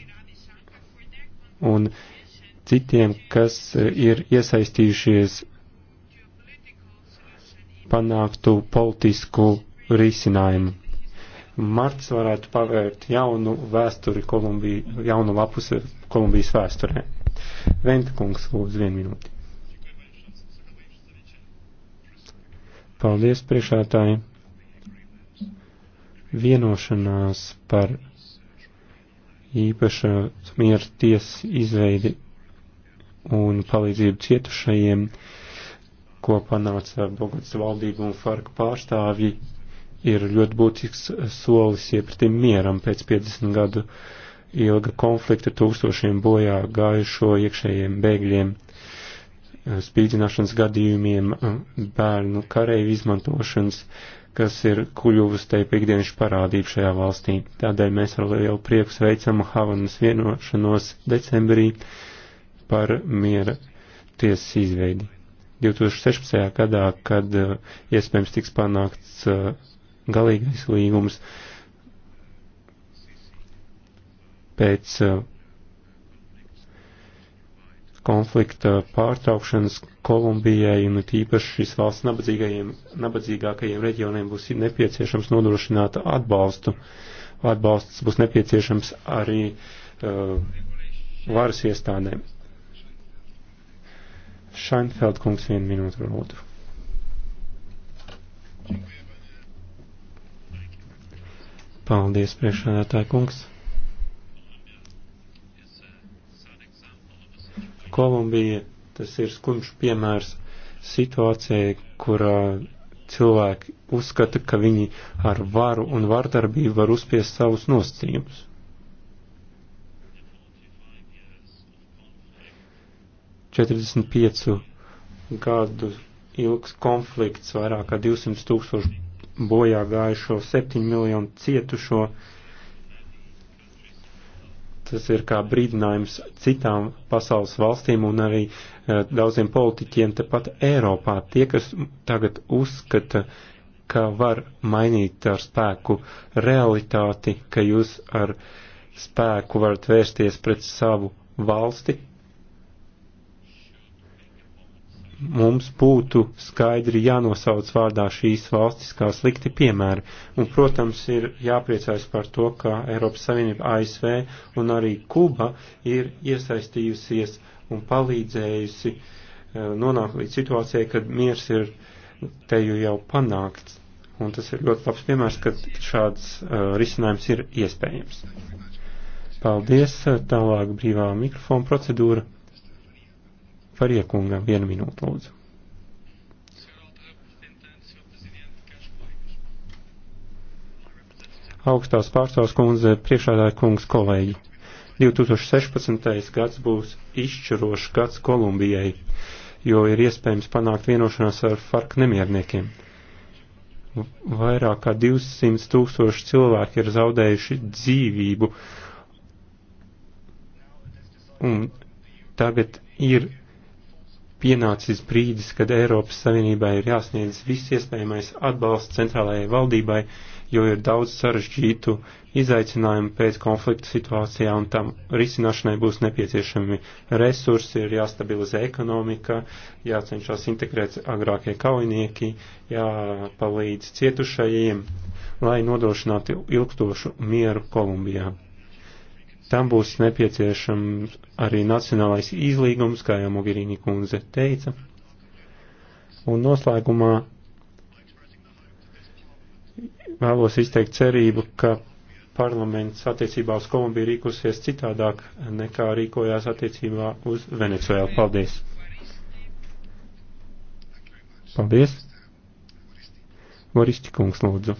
un citiem, kas eh, ir iesaistījušies panāktu politisku risinājumu. Marts varētu pavērt jaunu vēsturi Kolumbiju, jaunu lapus Kolumbijas vēsturē. Ventkungs, lūdzu, vienu minūti. Paldies priekšētāji. Vienošanās par īpaša miera tiesas izveidi un palīdzību cietušajiem, ko panāca Bogotas valdība un Farka pārstāvji, ir ļoti būtisks solis iepratim mieram pēc 50 gadu ilga konflikta tūkstošiem bojā gājušo iekšējiem bēgļiem spīdzināšanas gadījumiem, um, bērnu kareivu izmantošanas, kas ir kuļuvus teipa ikdienišu parādību šajā valstī. Tādēļ mēs ar lielu prieku sveicam Havanas vienošanos decembrī par miera tiesas izveidi. 2016. gadā, kad uh, iespējams tiks panākts uh, galīgais līgums pēc uh, konflikta pārtraukšanas Kolumbijai un tīpaši šīs valsts nabadzīgākajiem reģioniem būs nepieciešams nodrošināt atbalstu. Atbalsts būs nepieciešams arī uh, varas iestādēm. Šainfeld kungs vienu minūtu varbūt. Paldies, priekšādātāja kungs. Kolumbija tas ir skumjš piemērs situācijai, kurā cilvēki uzskata, ka viņi ar varu un vardarbību var uzspiest savus nosacījumus. Četrdesmit piecu gadu ilgs konflikts, vairāk kā 200 tūkstoši bojā gājušo, 7 miljonu cietušo, uh, Tas ir kā brīdinājums citām pasaules valstīm un arī uh, daudziem politiķiem tepat Eiropā. Tie, kas tagad uzskata, ka var mainīt ar spēku realitāti, ka jūs ar spēku varat vērsties pret savu valsti, mums būtu skaidri jānosauc vārdā šīs valstis kā slikti piemēri. Un, protams, ir jāpriecājas par to, ka Eiropas Savienība, ASV un arī Kuba ir iesaistījusies un palīdzējusi eh, nonākt līdz situācijai, kad miers ir te jau jau panākts. Un tas ir ļoti labs piemērs, ka šāds uh, risinājums ir iespējams. Paldies, eh, tālāk brīvā mikrofona procedūra par iekungam. Vienu minūtu, lūdzu. Augstās pārstāvs kundze, priekšādāja kungs, kolēģi. 2016. gads būs izšķirošs gads Kolumbijai, jo ir iespējams panākt vienošanās ar FARC nemierniekiem. Vairāk kā 200 tūkstoši cilvēki ir zaudējuši dzīvību, un tagad ir pienācis brīdis, kad Eiropas Savienībai ir jāsniedz viss iespējamais atbalsts centrālajai valdībai, jo ir daudz sarežģītu izaicinājumu pēc konflikta situācijā un tam risināšanai būs nepieciešami resursi, ir jāstabilizē ekonomika, jācenšas integrēt agrākie kaujinieki, jāpalīdz cietušajiem, lai nodrošinātu ilgstošu mieru Kolumbijā. Tam būs nepieciešams arī nacionālais izlīgums, kā jau Mogherini kundze teica. Un noslēgumā vēlos izteikt cerību, ka parlaments attiecībā uz Kolumbiju rīkusies citādāk nekā rīkojās attiecībā uz Venecuēlu. Paldies! Paldies! Varisti kungs lūdzu.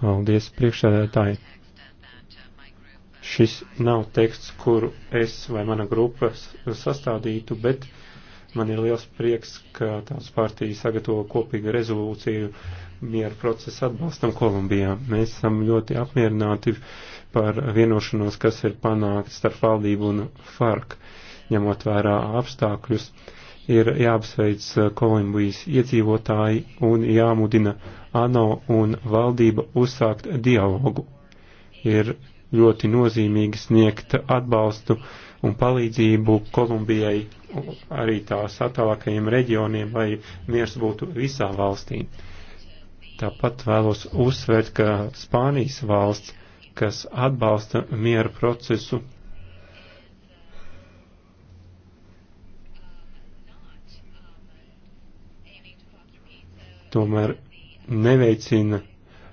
Paldies, priekšsēdētāji. Šis nav teksts, kuru es vai mana grupa sastādītu, bet man ir liels prieks, ka tās partija sagatavo kopīgu rezolūciju mieru procesu atbalstam Kolumbijā. Mēs esam ļoti apmierināti par vienošanos, kas ir panākts starp valdību un FARC, ņemot vērā apstākļus. Uh, ir jāapsveic uh, Kolumbujas iedzīvotāji un jāmudina ANO un valdība uzsākt dialogu. Ir ļoti nozīmīgi sniegt atbalstu un palīdzību Kolumbijai arī tās attālākajiem reģioniem, lai miers būtu visā valstī. Tāpat vēlos uzsvērt, ka Spānijas valsts, kas atbalsta miera procesu, tomēr neveicina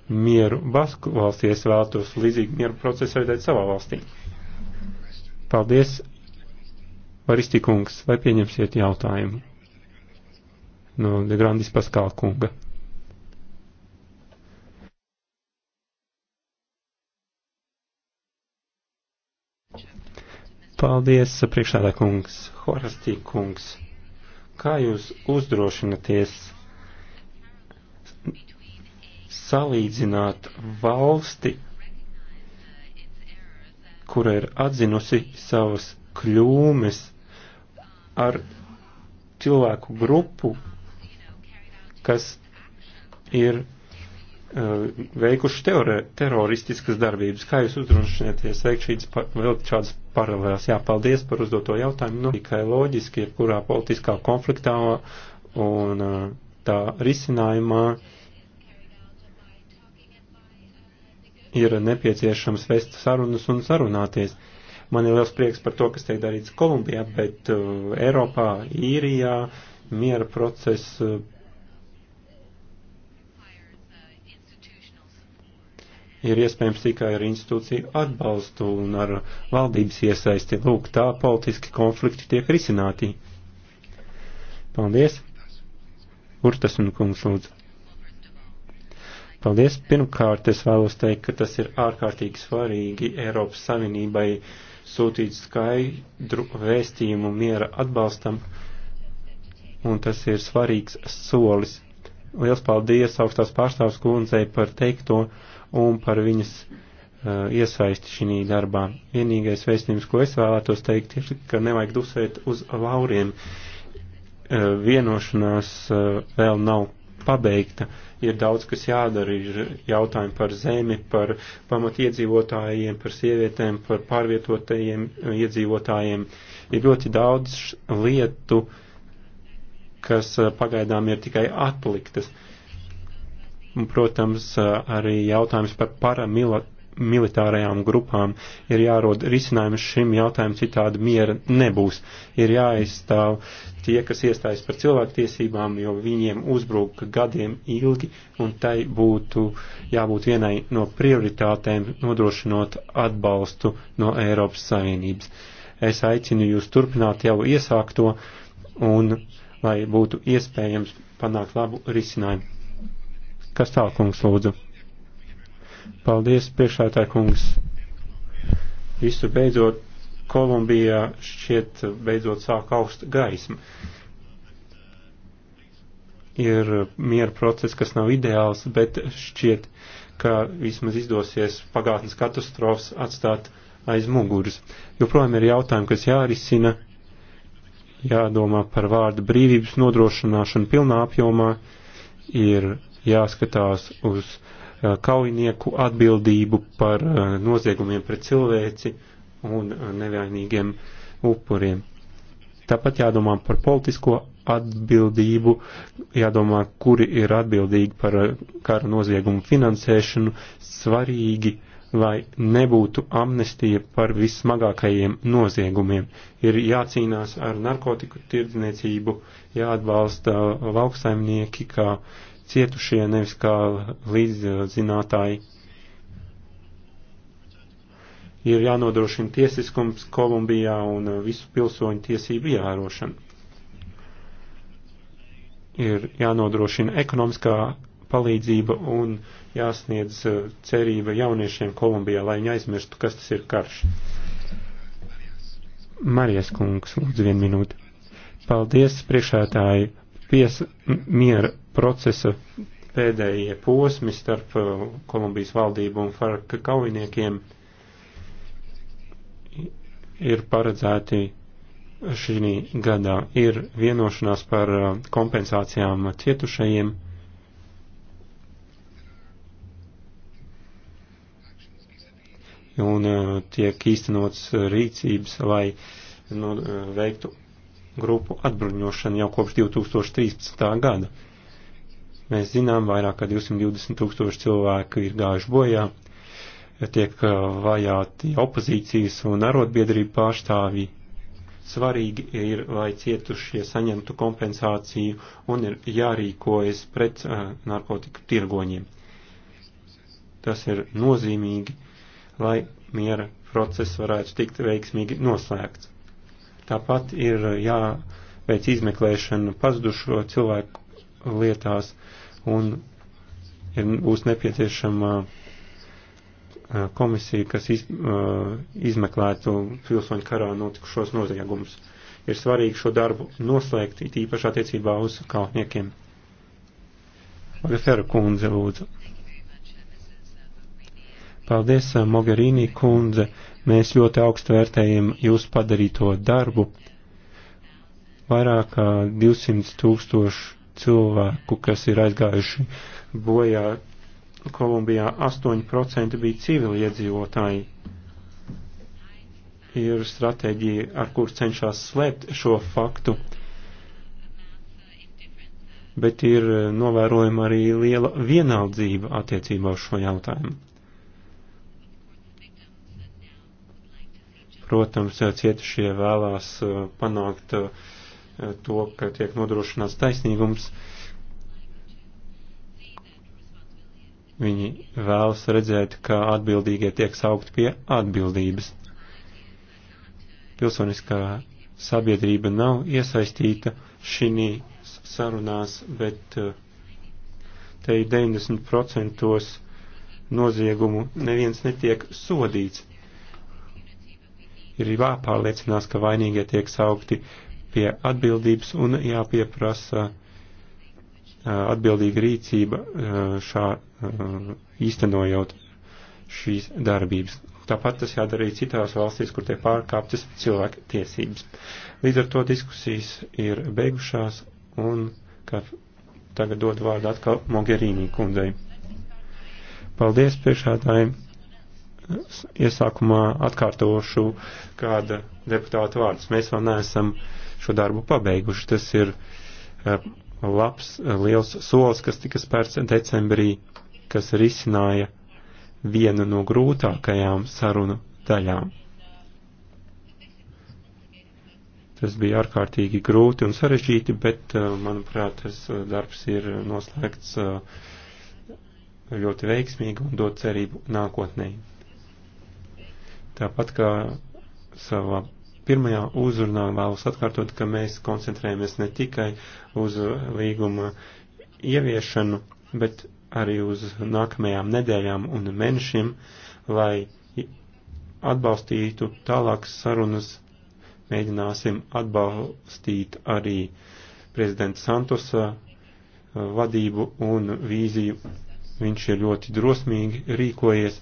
mieru Basku valstī. Es vēlētos līdzīgi mieru procesu redzēt savā valstī. Paldies, Varisti kungs, vai pieņemsiet jautājumu no De Grandis Paskāla kunga? Paldies, priekšādā kungs, Horastī kungs. Kā jūs uzdrošināties salīdzināt valsti, kura ir atzinusi savas kļūmes ar cilvēku grupu, kas ir uh, veikuši teore, teroristiskas darbības. Kā jūs uzrunšaties veikt šīs par, vēl šādas paralēlas? Jā, paldies par uzdoto jautājumu. Nu, tikai loģiski, jebkurā politiskā konfliktā un uh, tā risinājumā uh, ir nepieciešams vest sarunas un sarunāties. Man ir liels prieks par to, kas tiek darīts Kolumbijā, bet uh, Eiropā, Īrijā miera process uh, ir iespējams tikai ar institūciju atbalstu un ar valdības iesaisti. Lūk, tā politiski konflikti tiek risināti. Paldies! Urtas un kungs lūdzu. Paldies! Pirmkārt, es vēlos teikt, ka tas ir ārkārtīgi svarīgi Eiropas Savienībai sūtīt skaidru vēstījumu miera atbalstam, un tas ir svarīgs solis. Liels paldies augstās pārstāvs kundzei par teikto un par viņas uh, iesaisti šī darbā. Vienīgais vēstījums, ko es vēlētos teikt, ir, ka nevajag dusēt uz lauriem. Uh, vienošanās uh, vēl nav pabeigta. Uh, ir daudz, kas jādara, ir jautājumi par zemi, par pamatiedzīvotājiem, par sievietēm, par pārvietotajiem iedzīvotājiem. Ir ļoti daudz lietu, kas eh, pagaidām ir tikai atliktas. Protams, eh, arī jautājums par paramilitāru militārajām grupām. Ir jārod risinājums šim jautājumam, citādi miera nebūs. Ir jāaizstāv tie, kas iestājas par cilvēktiesībām, jo viņiem uzbruk gadiem ilgi, un tai būtu jābūt vienai no prioritātēm nodrošinot atbalstu no Eiropas Savienības. Es aicinu jūs turpināt jau iesākto un lai būtu iespējams panākt labu risinājumu. Kas tālāk, kungs, lūdzu? Paldies, priekšētāj kungs. Visu beidzot, Kolumbijā šķiet beidzot sāk augst gaisma. Ir miera process, kas nav ideāls, bet šķiet, ka vismaz izdosies pagātnes katastrofas atstāt aiz muguras. Joprojām ir jautājumi, kas jārisina, jādomā par vārdu brīvības nodrošināšanu pilnā apjomā, ir jāskatās uz Eh, kaujinieku atbildību par eh, noziegumiem pret cilvēci un eh, nevainīgiem upuriem. Tāpat jādomā par politisko atbildību, jādomā, kuri ir atbildīgi par kara noziegumu finansēšanu, svarīgi, lai nebūtu amnestija par vissmagākajiem noziegumiem. Ir jācīnās ar narkotiku tirdzniecību, jāatbalsta lauksaimnieki, kā cietušie, nevis kā līdzzinātāji. Ir jānodrošina tiesiskums Kolumbijā un visu pilsoņu tiesību ievērošana. Ir jānodrošina ekonomiskā palīdzība un jāsniedz eh, cerība jauniešiem Kolumbijā, lai viņi aizmirstu, kas tas ir karš. Marijas kungs, lūdzu, vienu minūti. Paldies, priekšētāji, pies miera procesa pēdējie posmi starp uh, Kolumbijas valdību un Farka kaujiniekiem ir paredzēti šī gadā. Ir vienošanās par uh, kompensācijām cietušajiem. Un uh, tiek īstenots rīcības, lai nu, veiktu grupu atbruņošanu jau kopš 2013. gada. Mēs zinām, vairāk kā 220 tūkstoši cilvēku ir gājuši bojā, tiek uh, vajāti opozīcijas un arotbiedrību pārstāvji. Svarīgi ir, lai cietušie saņemtu kompensāciju un ir jārīkojas pret uh, narkotiku tirgoņiem. Tas ir nozīmīgi, lai miera process varētu tikt veiksmīgi noslēgts. Tāpat ir uh, jāveic izmeklēšana pazudušo cilvēku lietās un ir, būs nepieciešama komisija, kas iz, izmeklētu pilsoņu karā notikušos noziegumus. Ir svarīgi šo darbu noslēgt, it īpaši attiecībā uz kalpniekiem. Agafera kundze, lūdzu. Paldies, Mogherini kundze. Mēs ļoti augstu vērtējam jūsu padarīto darbu. Vairāk kā 200 tūkstoši cilvēku, kas ir aizgājuši bojā Kolumbijā 8% bija civiliedzīvotāji. Ir stratēģija, ar kur cenšas slēpt šo faktu, bet ir novērojama arī liela vienaldzība attiecībā uz šo jautājumu. Protams, cietušie vēlās uh, panākt uh, to, ka tiek nodrošināts taisnīgums. Viņi vēlas redzēt, ka atbildīgie tiek saukt pie atbildības. Pilsoniskā sabiedrība nav iesaistīta šī sarunās, bet eh, te ir 90% noziegumu neviens netiek sodīts. Ir jāpārliecinās, ka vainīgie tiek saukti pie atbildības un jāpieprasa atbildīga rīcība šā īstenojot šīs darbības. Tāpat tas jādara arī citās valstīs, kur tiek pārkāptas cilvēka tiesības. Līdz ar to diskusijas ir beigušās un kā tagad dod vārdu atkal Mogherīnī kundzei. Paldies priekšādājiem. Iesākumā atkārtošu kāda deputāta vārdus. Mēs vēl neesam uh, šo darbu pabeiguši. Tas ir eh, labs, eh, liels solis, kas tika spērts decembrī, kas risināja vienu no grūtākajām sarunu daļām. Tas bija ārkārtīgi grūti un sarežģīti, bet, eh, manuprāt, tas darbs ir noslēgts ļoti veiksmīgi un dod cerību nākotnē. Tāpat kā savā Pirmajā uzrunā vēlos atkārtot, ka mēs koncentrējamies ne tikai uz līguma ieviešanu, bet arī uz nākamajām nedēļām un mēnešiem, lai atbalstītu tālākas sarunas. Mēģināsim atbalstīt arī prezidenta Santosa uh, vadību un vīziju. Viņš ir ļoti drosmīgi rīkojies.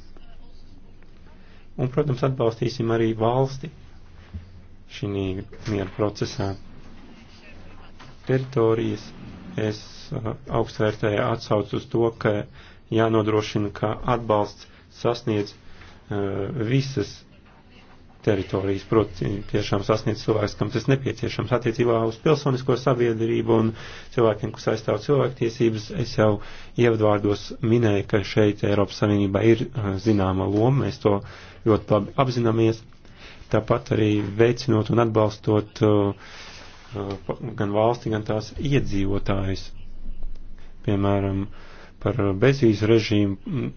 Un, protams, atbalstīsim arī valsti, šī miera procesā. Teritorijas es uh, augstvērtēju atsaucu uz to, ka jānodrošina, ka atbalsts sasniedz uh, visas teritorijas, proti tiešām sasniedz cilvēks, kam tas nepieciešams. Attiecībā uz pilsonisko sabiedrību un cilvēkiem, kas aizstāv cilvēktiesības, es jau ievadvārdos minēju, ka šeit Eiropas Savienībā ir uh, zināma loma, mēs to ļoti labi apzināmies tāpat arī veicinot un atbalstot uh, uh, gan valsti, gan tās iedzīvotājus. Piemēram, par bezvīzu režīmu mm,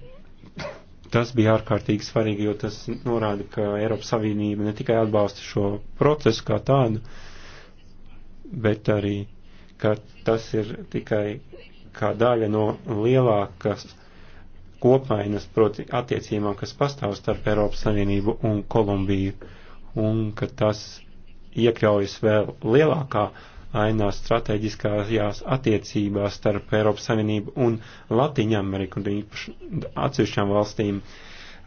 tas bija ārkārtīgi svarīgi, jo tas norāda, ka Eiropas Savienība ne tikai atbalsta šo procesu kā tādu, bet arī, ka tas ir tikai kā daļa no lielākas kopainas, proti attiecībām, kas pastāv starp Eiropas Savienību un Kolumbiju un ka tas iekļaujas vēl lielākā ainā strateģiskajās attiecībās starp Eiropas Savienību un Latīņu Ameriku un īpaši atsevišķām valstīm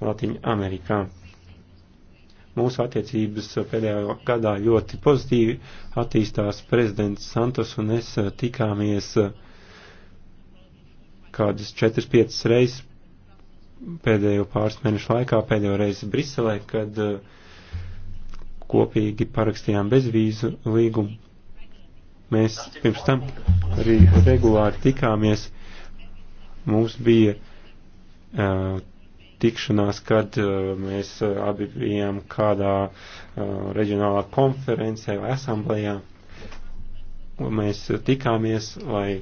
Latīņu Amerikā. Mūsu attiecības pēdējā gadā ļoti pozitīvi attīstās prezidents Santos un es tikāmies kādas 4-5 reizes pēdējo pāris mēnešu laikā, pēdējo reizi Briselē, kad uh, kopīgi parakstījām bezvīzu līgumu. Mēs pirms tam arī regulāri tikāmies. Mums bija uh, tikšanās, kad uh, mēs uh, abi bijām kādā uh, reģionālā konferencē vai asamblējā. Mēs uh, tikāmies, lai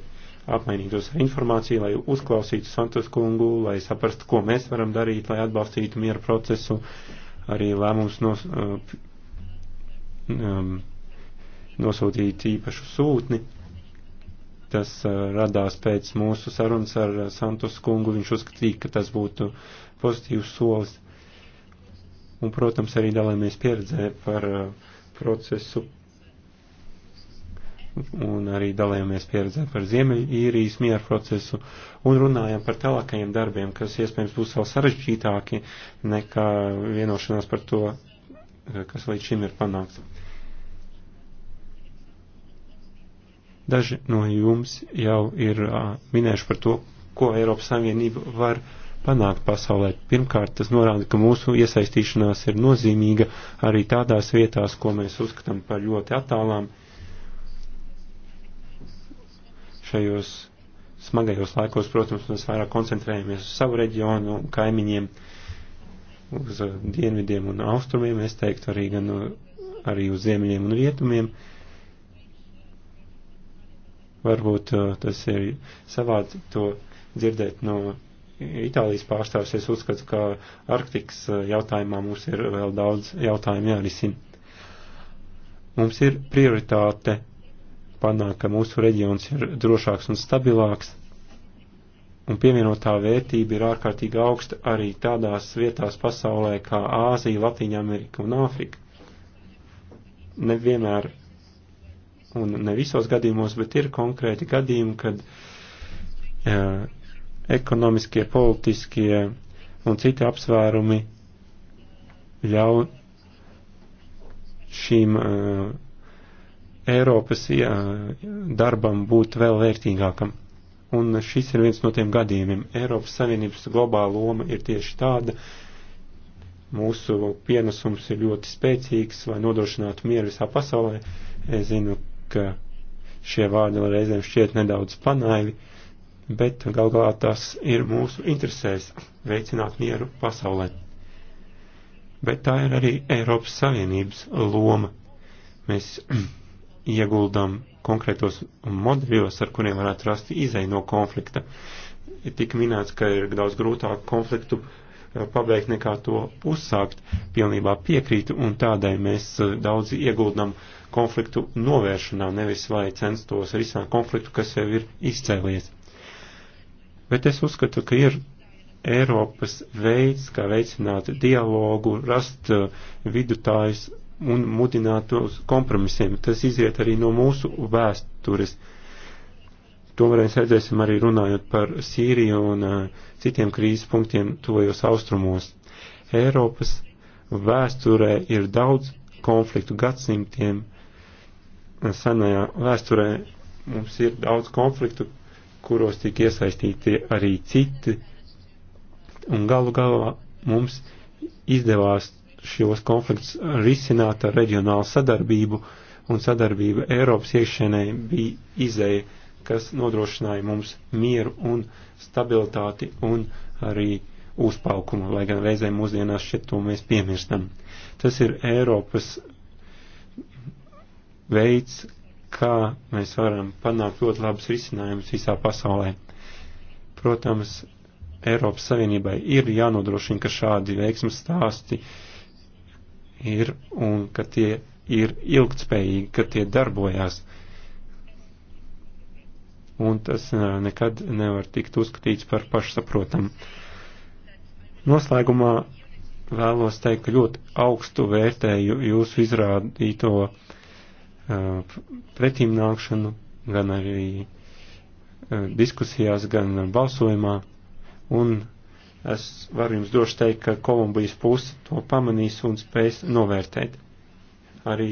apmainītos ar informāciju, lai uzklausītu Santos kungu, lai saprastu, ko mēs varam darīt, lai atbalstītu miera procesu. Uh, arī lēmums no, um, nosūtīt īpašu sūtni. Tas uh, radās pēc mūsu sarunas ar uh, Santos kungu. Viņš uzskatīja, ka tas būtu pozitīvs solis. Un, protams, arī dalāmies pieredzē par uh, procesu un arī dalījāmies pieredzē par Ziemeļīrijas mieru procesu un runājām par tālākajiem darbiem, kas iespējams būs vēl sarežģītāki nekā vienošanās par to Eh, kas līdz šim ir panākts. Daži no jums jau ir eh, minējuši par to, ko Eiropas Savienība var panākt pasaulē. Pirmkārt, tas norāda, ka mūsu iesaistīšanās ir nozīmīga arī tādās vietās, ko mēs uzskatām par ļoti attālām. Šajos smagajos laikos, protams, mēs vairāk koncentrējamies uz savu reģionu un kaimiņiem. Uh, uz dienvidiem un austrumiem, es teiktu arī gan arī uz ziemeļiem un rietumiem. Varbūt uh, tas ir savāds to dzirdēt no Itālijas pārstāvis. Es uzskatu, ka Arktikas uh, jautājumā mums ir vēl daudz jautājumu jārisina. Mums ir prioritāte panākt, ka mūsu reģions ir drošāks un stabilāks un pievienotā vērtība ir ārkārtīgi augsta arī tādās vietās pasaulē kā Āzija, Latīņa Amerika un Āfrika. Nevienmēr un ne visos gadījumos, bet ir konkrēti gadījumi, kad jā, ekonomiskie, politiskie un citi apsvērumi ļauj šīm uh, Eiropas uh, darbam būt vēl vērtīgākam. Un šis ir viens no tiem gadījumiem. Eiropas Savienības globāla loma ir tieši tāda. Mūsu pienesums ir ļoti spēcīgs, lai nodrošinātu mieru visā pasaulē. Es zinu, ka šie vārdi reizēm šķiet nedaudz panaivi, bet gal galā tas ir mūsu interesēs veicināt mieru pasaulē. Bet tā ir arī Eiropas Savienības loma. Mēs ieguldam konkrētos modeļos, ar kuriem varētu rast izēju no konflikta. Ir tik minēts, ka ir daudz grūtāk konfliktu eh, pabeigt nekā to uzsākt. Pilnībā piekrītu un tādēļ mēs eh, daudz ieguldam konfliktu novēršanā, nevis lai censtos risināt konfliktu, kas jau ir izcēlies. Bet es uzskatu, ka ir Eiropas veids, kā veicināt dialogu, rast eh, vidutājus un mudinātu uz kompromisiem. Tas iziet arī no mūsu vēstures. To mēs redzēsim arī runājot par Sīriju un uh, citiem krīzes punktiem tuvajos austrumos. Eiropas vēsturē ir daudz konfliktu gadsimtiem. Senajā vēsturē mums ir daudz konfliktu, kuros tika iesaistīti arī citi, un galu galā mums izdevās šos konflikts risināt ar reģionālu sadarbību, un sadarbība Eiropas iekšēnē bija izēja, kas nodrošināja mums mieru un stabilitāti un arī uzpaukumu, lai gan reizēm mūsdienās šeit to mēs piemirstam. Tas ir Eiropas veids, kā mēs varam panākt ļoti labus risinājumus visā pasaulē. Protams, Eiropas Savienībai ir jānodrošina, ka šādi veiksmas stāsti uh, ir un ka tie ir ilgtspējīgi, ka tie darbojās. Un tas uh, nekad nevar tikt uzskatīts par pašsaprotamu. Noslēgumā vēlos teikt, ka ļoti augstu vērtēju jūsu izrādīto uh, pretimnākšanu, gan arī uh, diskusijās, gan uh, balsojumā, un Es varu jums droši teikt, ka Kolumbijas puse to pamanīs un spēs novērtēt. Arī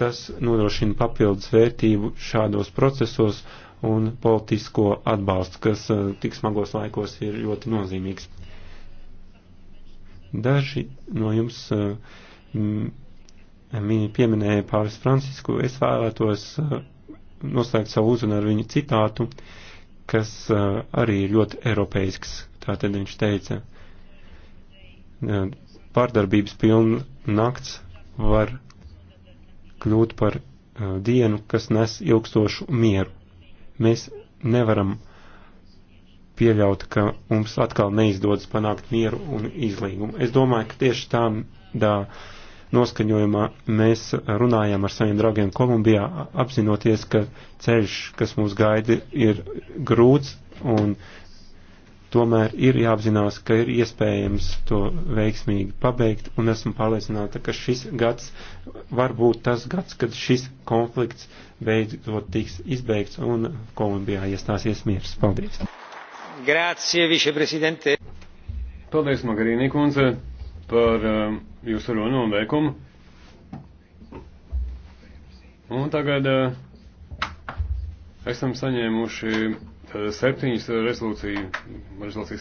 tas nodrošina papildus vērtību šādos procesos un politisko atbalstu, kas eh, tik smagos laikos ir ļoti nozīmīgs. Daži no jums eh, pieminēja Pāvis Francisku. Es vēlētos eh, noslēgt savu uzrunu ar viņu citātu, kas arī ir ļoti eiropeisks kā tad viņš teica, pārdarbības pilna nakts var kļūt par dienu, kas nes ilgstošu mieru. Mēs nevaram pieļaut, ka mums atkal neizdodas panākt mieru un izlīgumu. Es domāju, ka tieši tādā noskaņojumā mēs runājām ar saviem draugiem Kolumbijā, apzinoties, ka ceļš, kas mūs gaida, ir grūts un Tomēr ir jāapzinās, ka ir iespējams to veiksmīgi pabeigt, un esmu pārliecināta, ka šis gads var būt tas gads, kad šis konflikts beidzot tiks izbeigts un Kolumbijā iestāsies miers. Paldies! Grācie, viceprezidente! Paldies, Magarīnī kundze, par uh, jūsu runu un veikumu. Un tagad uh, esam saņēmuši septiņas rezolūciju, rezolūcijas